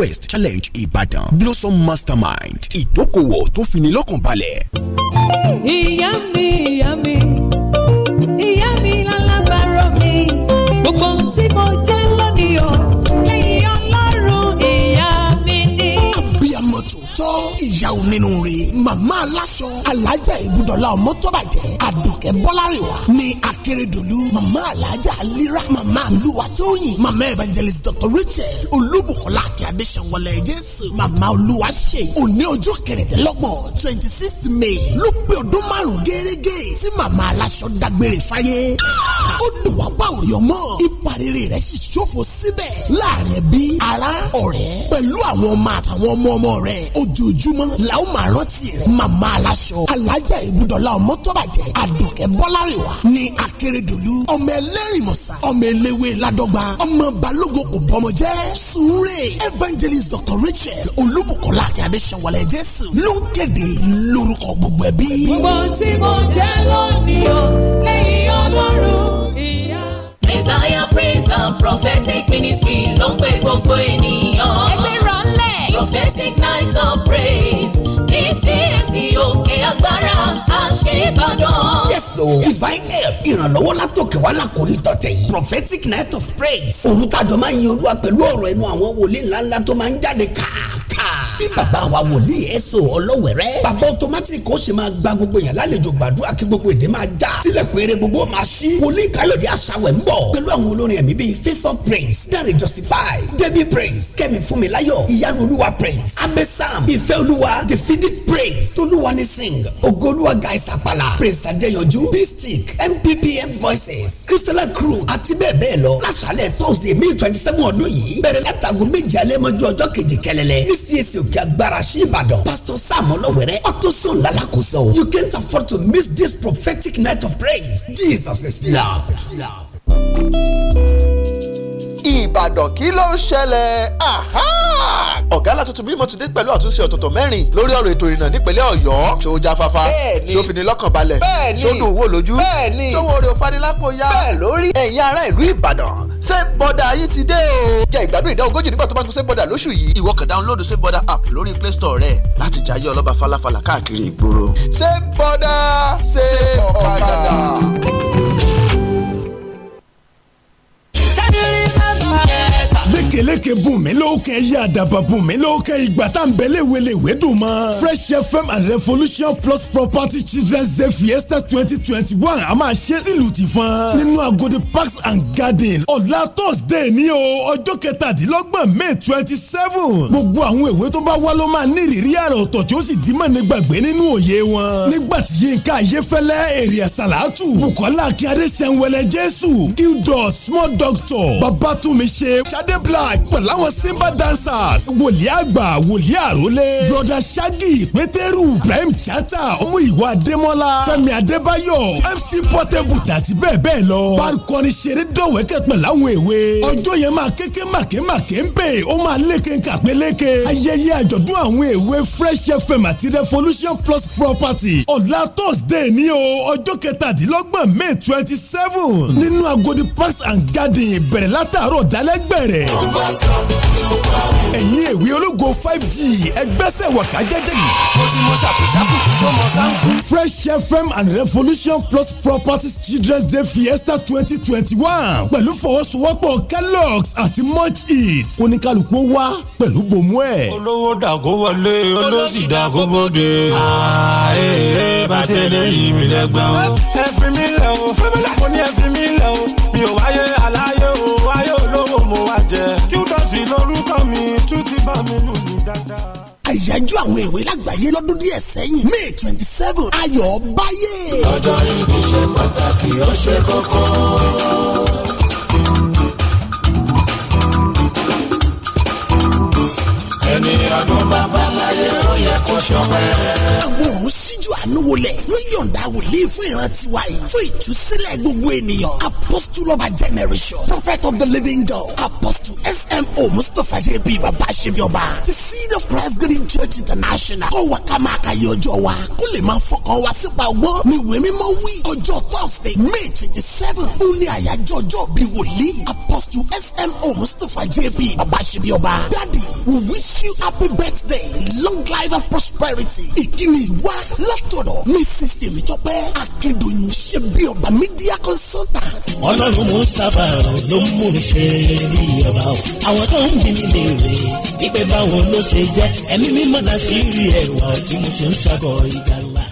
west challenge ìbàdàn blossom mastermind ìdókòwò tó fini lọ́kàn balẹ̀. ìyá mi ìyá mi ìyá mi lálábàárọ̀ mi gbogbo ohun tí mo jẹ́ kù nínú rẹ̀ màmá aláṣọ alájà ibùdọ̀lá ọmọtọ́bàjẹ́ àdùkẹ́ bọ́lárìwá ní akérèdọ́lù màmá alájà alira màmá olúwatóyìn màmá evangelist dr richard olúbùkọ́lá akíade sanwó-ọlẹ̀ jésù màmá olúwaṣe òní ọjọ́ kẹrìndínlọ́gbọ̀n twenty six may ló pé ọdún márùn-ún gẹ́gẹ́ tí màmá aláṣọ dágbére fáyé ó dùn wá pa òrì ọmọ ìpariri rẹ̀ sì ṣòfò síbẹ̀ láàrin ẹbí ará ọ̀rẹ́ pẹ̀lú àwọn ọmọ àtàwọn ọmọ ọmọ rẹ̀ ojoojúmọ́ la ó máa rántí rẹ̀ màmá aláṣọ alájà ìbúdọ̀lá ọmọ tó bàjẹ́ àdùkẹ́ bọ́lárìnwá ní akérèdọ́lù ọmọ ẹlẹ́rìmọ̀sá ọmọ eléwé ládọ́gba ọmọ balógun kò bọ́mọjẹ́ sùúrè evangelist dr rachel olúbùkọ́lá akínyàdé ṣẹ̀wọ̀lẹ̀ jésù ló ń kéde lórúkọ gbogbo ẹbí. gbogbo tí mo jẹ́ lónìí o lẹ́yìn ọlọ́run ìyá. messiah praise and prophetic ministry ló ń pè gbogbo ènìyàn. ẹgbẹ́ rọ̀ prophetic night of praise láti òkè agbára àṣebàdàn. yes o divine help ìrànlọ́wọ́ látòkè wá lákòrí tọ̀tẹ̀ yìí prophetic night of praise òun tàdó máa ń yin olúwa pẹ̀lú ọ̀rọ̀ ẹnu àwọn wòlíì ńláńlá tó máa ń jáde káà bí bàbá wa wòlíì èso ọlọ́wẹ̀rẹ́ bàbá automatic ó sì máa gba gbogbo yẹn lálejò gbàdúrà kí gbogbo èdè máa já sílẹ̀ péré gbogbo máa ṣí wòlíì káyọ̀dé aṣáwẹ̀ ń bọ̀ pẹ̀lú àwọn olórin ẹ̀mí bíi favour prince dare justify debi prince kẹ́mi fúnmiláyọ̀ ìyanu olúwa prince abesam ìfẹ́ olúwa the fidi praise olúwa ni sing ogoluwa guys apala prince adeyanju bistic mppm voices crystal crew àti bẹ́ẹ̀ bẹ́ẹ̀ lọ lásàlẹ̀ thursday may twenty seven ọdún yìí bẹ̀rẹ̀ látago méje alẹ́ mọ́jú ọjọ́ kejì kẹlẹ́lẹ́ ní cac ìjàgbara sí ìbàdàn pastor sam ọlọ́wẹ̀rẹ́ ọ̀túnṣàn lálákòóso you can't afford to miss this prophetic night of praise jesus is love ìbàdàn kí ló ń ṣẹlẹ̀ ọ̀gá alátuntun bímọ ti dé pẹ̀lú àtúnṣe ọ̀tọ̀tọ̀ mẹ́rin lórí ọ̀rọ̀ ètò ìrìnnà nípínlẹ̀ ọ̀yọ́ ṣó jáfáfá ṣó fini lọ́kàn balẹ̀ ṣó dùn wò lójú ṣó wo orí òfanilápò ya bẹ́ẹ̀ lórí ẹ̀yin ará ìlú ìbàdàn ṣé bọ́dà yìí ti dé o. jẹ́ ìgbádùn ìdá ogójì nígbà tó bá ń gbé ṣé bọ́dà lóṣù yìí ìwọ kan dáńlódù ṣé bọ́dà app lórí play store rẹ láti jayé ọlọ́ba falafala káàkiri ìgboro. ṣé bọ́dà ṣé ọ̀kadà. Keleke bùn mí lókè yí àdàbà bùn mí lókè ìgbà tá n bẹ̀lẹ̀ wele ìwé mọ́. Fresh FM and Revolution Plus Property Children's Day Fiesta twenty twenty one a máa ṣe tìlù ti fún. nínú Agodi Parks and gardens, ọ̀la Thursday ní o ọjọ́ kẹtàdínlọ́gbọ̀n May twenty seven. gbogbo àwọn ìwé tó bá wá ló máa ní ìrírí àrà ọ̀tọ̀ tí ó sì dì mọ́ ní gbàgbé nínú òye wọn. nígbà tí Yínká Ayéfẹ́lẹ́ èrè Sàlátù Bùkọ́lá Akíndé Sẹ́ńwẹ́lẹ́ Jésù Gildor Small Doctor Babatunmi ṣe Ṣadé Bla dáadáa pẹ̀lú àwọn simba dancers wòlíì àgbà wòlíì àrólé broda shaggy pétérù ibrahim chata ọmọ ìwà adémọ́lá fẹ́mi adébáyọ̀ fc portable àti bẹ́ẹ̀ bẹ́ẹ̀ lọ barikọrin ṣeré dọ̀wẹ́kẹ̀ pẹ̀lú àwọn èwe ọjọ́ yẹn máa kéke màkémàké ń bè ó máa léke kàpéléke ayẹyẹ àjọ̀dún àwọn èwe fresh fm àti revolution plus property ọ̀la thursday ní o ọjọ́ kẹtàdínlọ́gbọ̀n may twenty seven nínú agodi Pass and garden bẹ̀rẹ̀ látàárọ̀ dálẹ́gbẹ̀rẹ̀ ẹ̀yin èwe ológo five g ẹgbẹ́sẹ̀ wọ̀ká jẹ́jẹ́ yìí. mo ti mọ sàkúsàkù tó mọ sáńkù. fresh fm and revolution plus properties children's day fiesta twenty twenty one pẹ̀lú fọwọ́sowọ́pọ̀ kellogg's àti much eat oníkàlùkù wá pẹ̀lú bòmú ẹ̀. olówó dàgó wọlé olóṣì dàgó bóde. ààyè bá ṣe lè yí mi lẹ́gbẹ̀ẹ́ o. ẹ fi mi lẹ̀ o fẹ́mi lẹ̀ o ní ẹ fi mi lẹ̀ o mi ò wáyé àyájọ́ àwọn èwe lágbàáyé lọ́dún díẹ̀ sẹ́yìn May twenty seven ayọ̀ báyé. ọjọ́ ìbí ṣe pàtàkì ó ṣe ẹni ọdún bàbá láyé ó yẹ kó ṣọpẹ́. àwọn òun fàánú wọlé wọ́n yọ̀ǹda wòlíì fún ìran tiwa yìí fún ìtúsílẹ̀ gbogbo ènìyàn apostle of our generation prophet of the living God apostle smo mustapha jp baba ṣebíọba ti seed of christ green church international kọ́ wa ká máa ka yẹ ọjọ́ wa kó lè máa fọkàn wa sípa ọgbọ́n ni ìwé mímọ́ wí ọjọ́ thursday may twenty seven ó ní àyájọ́ ọjọ́ bíi wòlíì apostle smo mustapha jp baba ṣebíọba daddy we wish you happy birthday long life and prosperity ìkíni wa láti tọ̀dọ̀ mrs tèmítọ́pẹ́ akíndòyìn ṣe bí ọba media consultant. ọlọ́run mú sábà ló ń mú ṣe bí ọba o àwọn tó ń bí mi léèrè wípé báwo ló ṣe jẹ́ ẹ̀mí mímọ́ náà sí rí ẹ̀wà tí mo ṣe ń ṣàgọ́ ìgbàlá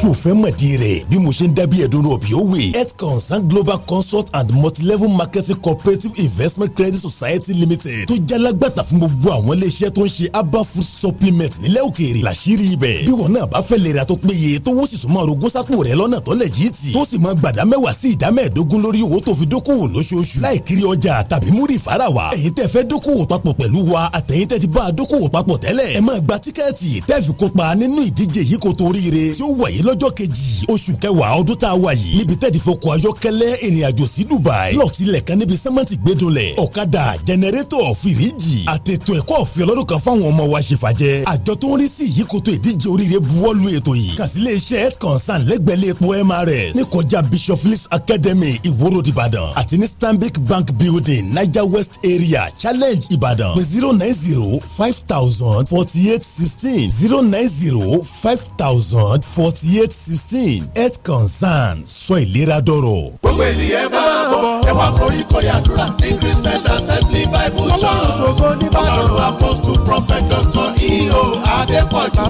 ṣó fẹ́ mọ̀dí rẹ̀ bí mo ṣe ń dábìí ẹ̀dùn rọ̀bì ó wè health consult global consult and multilevel marketing cooperative investment credit society limited tó jalagbàtà fún gbogbo àwọn iléeṣẹ́ tó ń ṣe herbal food supplement nílẹ̀ òkèèrè làṣírí ibẹ̀ bí wọn náà bá fẹ́ lè ra tó péye tó wọ́n sì tún máa rogó sápò rẹ̀ lọ́nà tó lẹ̀ jí tì tó sì máa gbàdá mẹ́wàá sí ìdá mẹ́ẹ̀ẹ́dógún lórí owó tó fi dókòwò lóṣooṣù láì kiri ọjà tàbí múrì farawa. wa ẹ̀yin tẹ́ fẹ́ dókòwò papọ̀ pẹ̀lú wa àtẹ̀yin tẹ́ ti bá a dókòwò papọ̀ tẹ́lẹ̀ ẹ máa gba tíkẹ́ẹ̀tì tẹ́ fi kópa nínú ìdíje yìí kó toríire tí ó wà yìí lọ́jọ́ kejì oṣù kẹwàá ọdún tá a wà yìí níbi tẹ́ẹ̀dì fọkọ̀ ayọ́kẹ́lẹ́ ìrìnàjò sí Dubai lọ́ọ̀tìlẹ̀ kan níbi sẹ́mẹ́ǹtì gbẹdọ̀lẹ̀ ọ̀kadà jẹnẹrétọ̀ fìríjì àtètò ẹ̀kọ́ ọ̀fẹ́ ọlọ́dún kan fáwọn ọmọ wa ṣe fàjẹ́ àjọ tó ń rí sí ìyíkoto ìdíje oríire buwọ́lu ètò yìí kàsílẹ̀ iṣẹ́ health concern MRS ní kọjá Academy ìwòrò Ìbàdàn àti Bank Building Niger West Area Challenge Ìbàdàn zero nine zero five thousand forty eight sixteen zero nine zero five thousand forty eighty eight sixteen health concern sọ ìlera dọ̀rọ̀. gbogbo ènìyàn bá a bọ̀ ẹ wá forí kórè àdúrà ní christian assembly bible church ọlọ́run ọlọ́run apostle prophet doctor E.O. Adépọ̀jù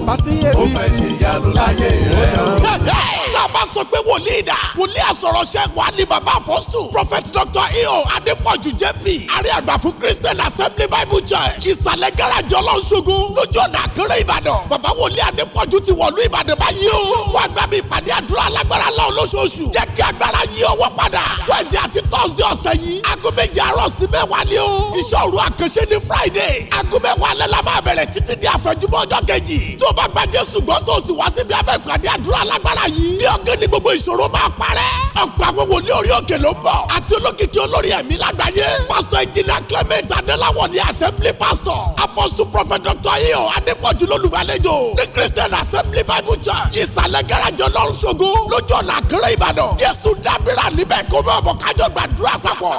ó fẹ́ ṣe ìyanu láyé rẹ̀ o náà máa sọ pé wòlíì dà wòlíì àsọ̀rọ̀ṣẹ́ wà ní bàbá apọ́sù prophet Doctor eo adépọ̀jù jp àrí àgbà fún christian assembly bible church ìsàlẹ̀ gáràjì ọlọ́ṣogun lójú ọ̀nà àkérè ìbàdàn bàbá wòlíì adépọ̀jù ti wọ̀lú ìbàdàn báyìí o fún àgbà mi ìpàdé àdúrà alágbára láwọn olóṣooṣù jẹ́ kí agbára yí ọwọ́ padà wẹ́ẹ̀sì àti tọ́sí ọ̀sẹ̀ yìí aago méje àárọ̀ sí mẹ́wàá ni o ìṣòro àkànṣe ní friday aago mẹ́wàá alẹ́ la máa bẹ̀rẹ̀ títí di àfẹ̀júmọ́ ọjọ́ kejì tó bá gba jésù gbọ́ tó sì wá síbi abẹ́pàdé àdúrà alágbára yìí wòlíì ọ̀gẹ́ ni gbogbo ìṣòro máa parẹ́. ọ̀pọ̀ àwọn wòlíì orí òkè ló ń bọ̀. àti olókìkí olórí ẹ̀mí lágbàáyé. pásítọ̀ ìjìnlẹ̀ clement adéláwọ̀ ni assembly pastor. apostle prophet dr ayo adépọ̀jù lólùbálẹ́jọ. ní christian assembly bible church. ìsàlẹ̀ garajọ lọ́rùn ṣogo. lójú ọ̀nà àkẹrẹ ìbàdàn. jésù dábìrà níbẹ̀ kó bá ọmọ kájọ gbàdúrà papọ̀.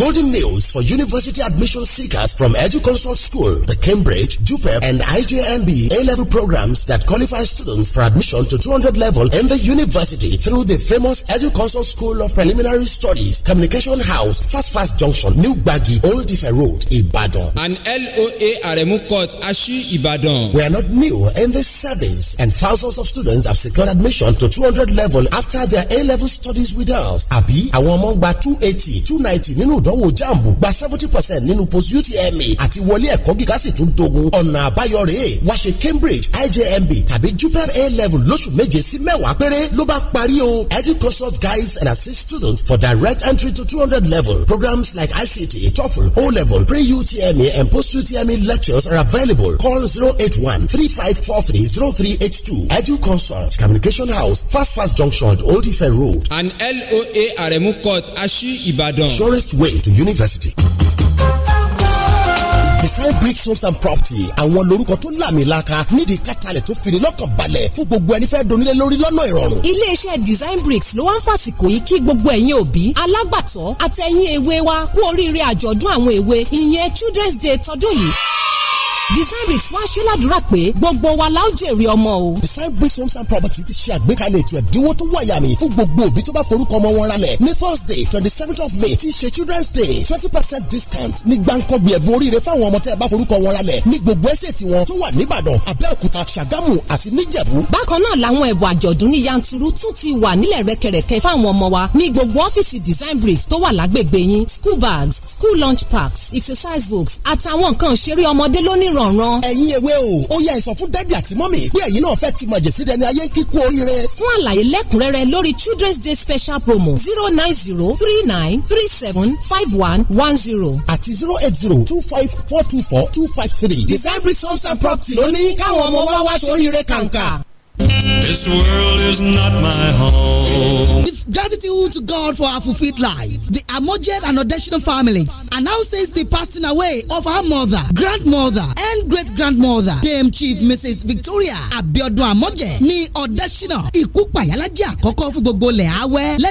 Golden news for university admission seekers from EduConsult School, the Cambridge, JUPEP, and IJMB A-level programs that qualify students for admission to 200 level in the university through the famous EduConsult School of Preliminary Studies, Communication House, Fast Fast Junction, New Baggy, Old Ife Road, Ibadan. and LOA Aremu Court, Ashi, Ibadan. We are not new in this service, and thousands of students have secured admission to 200 level after their A-level studies with us. exams àbí àwọn ọmọ ń gba two eighty two ninety nínú ìdánwò jambu gba seventy percent nínú post utme àti wọlé ẹ̀kọ́ gíga sì tún dogun ọ̀nà àbáyọ wá ṣe cambridge ijmb tàbí jupiter a level lóṣù méje sí mẹ́wàá péré ló bá parí o edu guides and assist students for direct entry to two hundred level programs like ict toefl o level pre-utme and post-utme lectures are available call zero eight one three five four three zero three eight two edu communication house fast fast junction old ife road. and lo LOA Aremu Court, Ashi, Ibadan. Surest way to university. design bricks homes and property àwọn lorúkọ tó làmìlaka nídìí kátàlẹ̀ tó fini lọ́kàn balẹ̀ fún gbogbo ẹni fẹ́ donílé lórí lọ́nà ìrọ̀rùn. iléeṣẹ́ design bricks ló wá ń fàsìkò yìí kí gbogbo ẹ̀yin òbí alágbàtọ́ àtẹ̀yìn èwe wa kú oríire àjọ̀dún àwọn èwe ìyẹn children's day tọdún yìí design bricks wá ṣí ládùúrà pé gbogbo wa la ó jèrè ọmọ o. design bricks homes and properties, ti ṣe àgbékalẹ̀ ètò ẹ̀dínwó tó wáyà mi fún gbogbo òbí tó bá forúkọ ọmọ wọn rálẹ̀ ní thursday twenty seventh of may ti ṣe children's day twenty percent discount ní gbàǹkọ́gbì ẹ̀bùn oríire fáwọn ọmọ tẹ́ ẹ bá forúkọ wọn rálẹ̀ ní gbogbo ẹ́sẹ̀tì wọn tó wà níbàdàn abẹ́òkúta ṣàgámù àti níjẹ̀bú. bákan náà làwọn ẹ̀bùn àjọ̀dún ní yanturu tún ti wà nílẹ̀ rẹ̀kẹ̀rẹ̀kẹ̀ fáwọn ọmọ wa ní gbogbo ọ́fíìsì design bricks tó wà lágbègbè yín school bags school lunch packs exercise books àtàwọn nǹkan ìṣeré ọmọdé lónìí rọ̀ràn. ẹ̀yin ewé o ó yá ẹ fún dádì àti mọ́mì pé ẹ̀yin náà fẹ́ ti mọ̀ jèsí dẹni ayé kíkú oríire. fún àlàyé lẹ́kùnrẹ́rẹ́ lórí children's day special promo zero nine zero three nine three seven five one one zero àti zero eight zero two five four two four two five three. design bricks homes and property ló káwọn ọmọ wa wá sóríire kàǹkà. This world is not my home. With gratitude to God for our fulfilled life, the Amojed and Odeshino families announces the passing away of our mother, grandmother, and great grandmother, Dame Chief Mrs. Victoria Abiodun Amojed ní Odeshino. Ìkúpayálájẹ́ àkọ́kọ́ fún gbogbo ilẹ̀ awẹ́.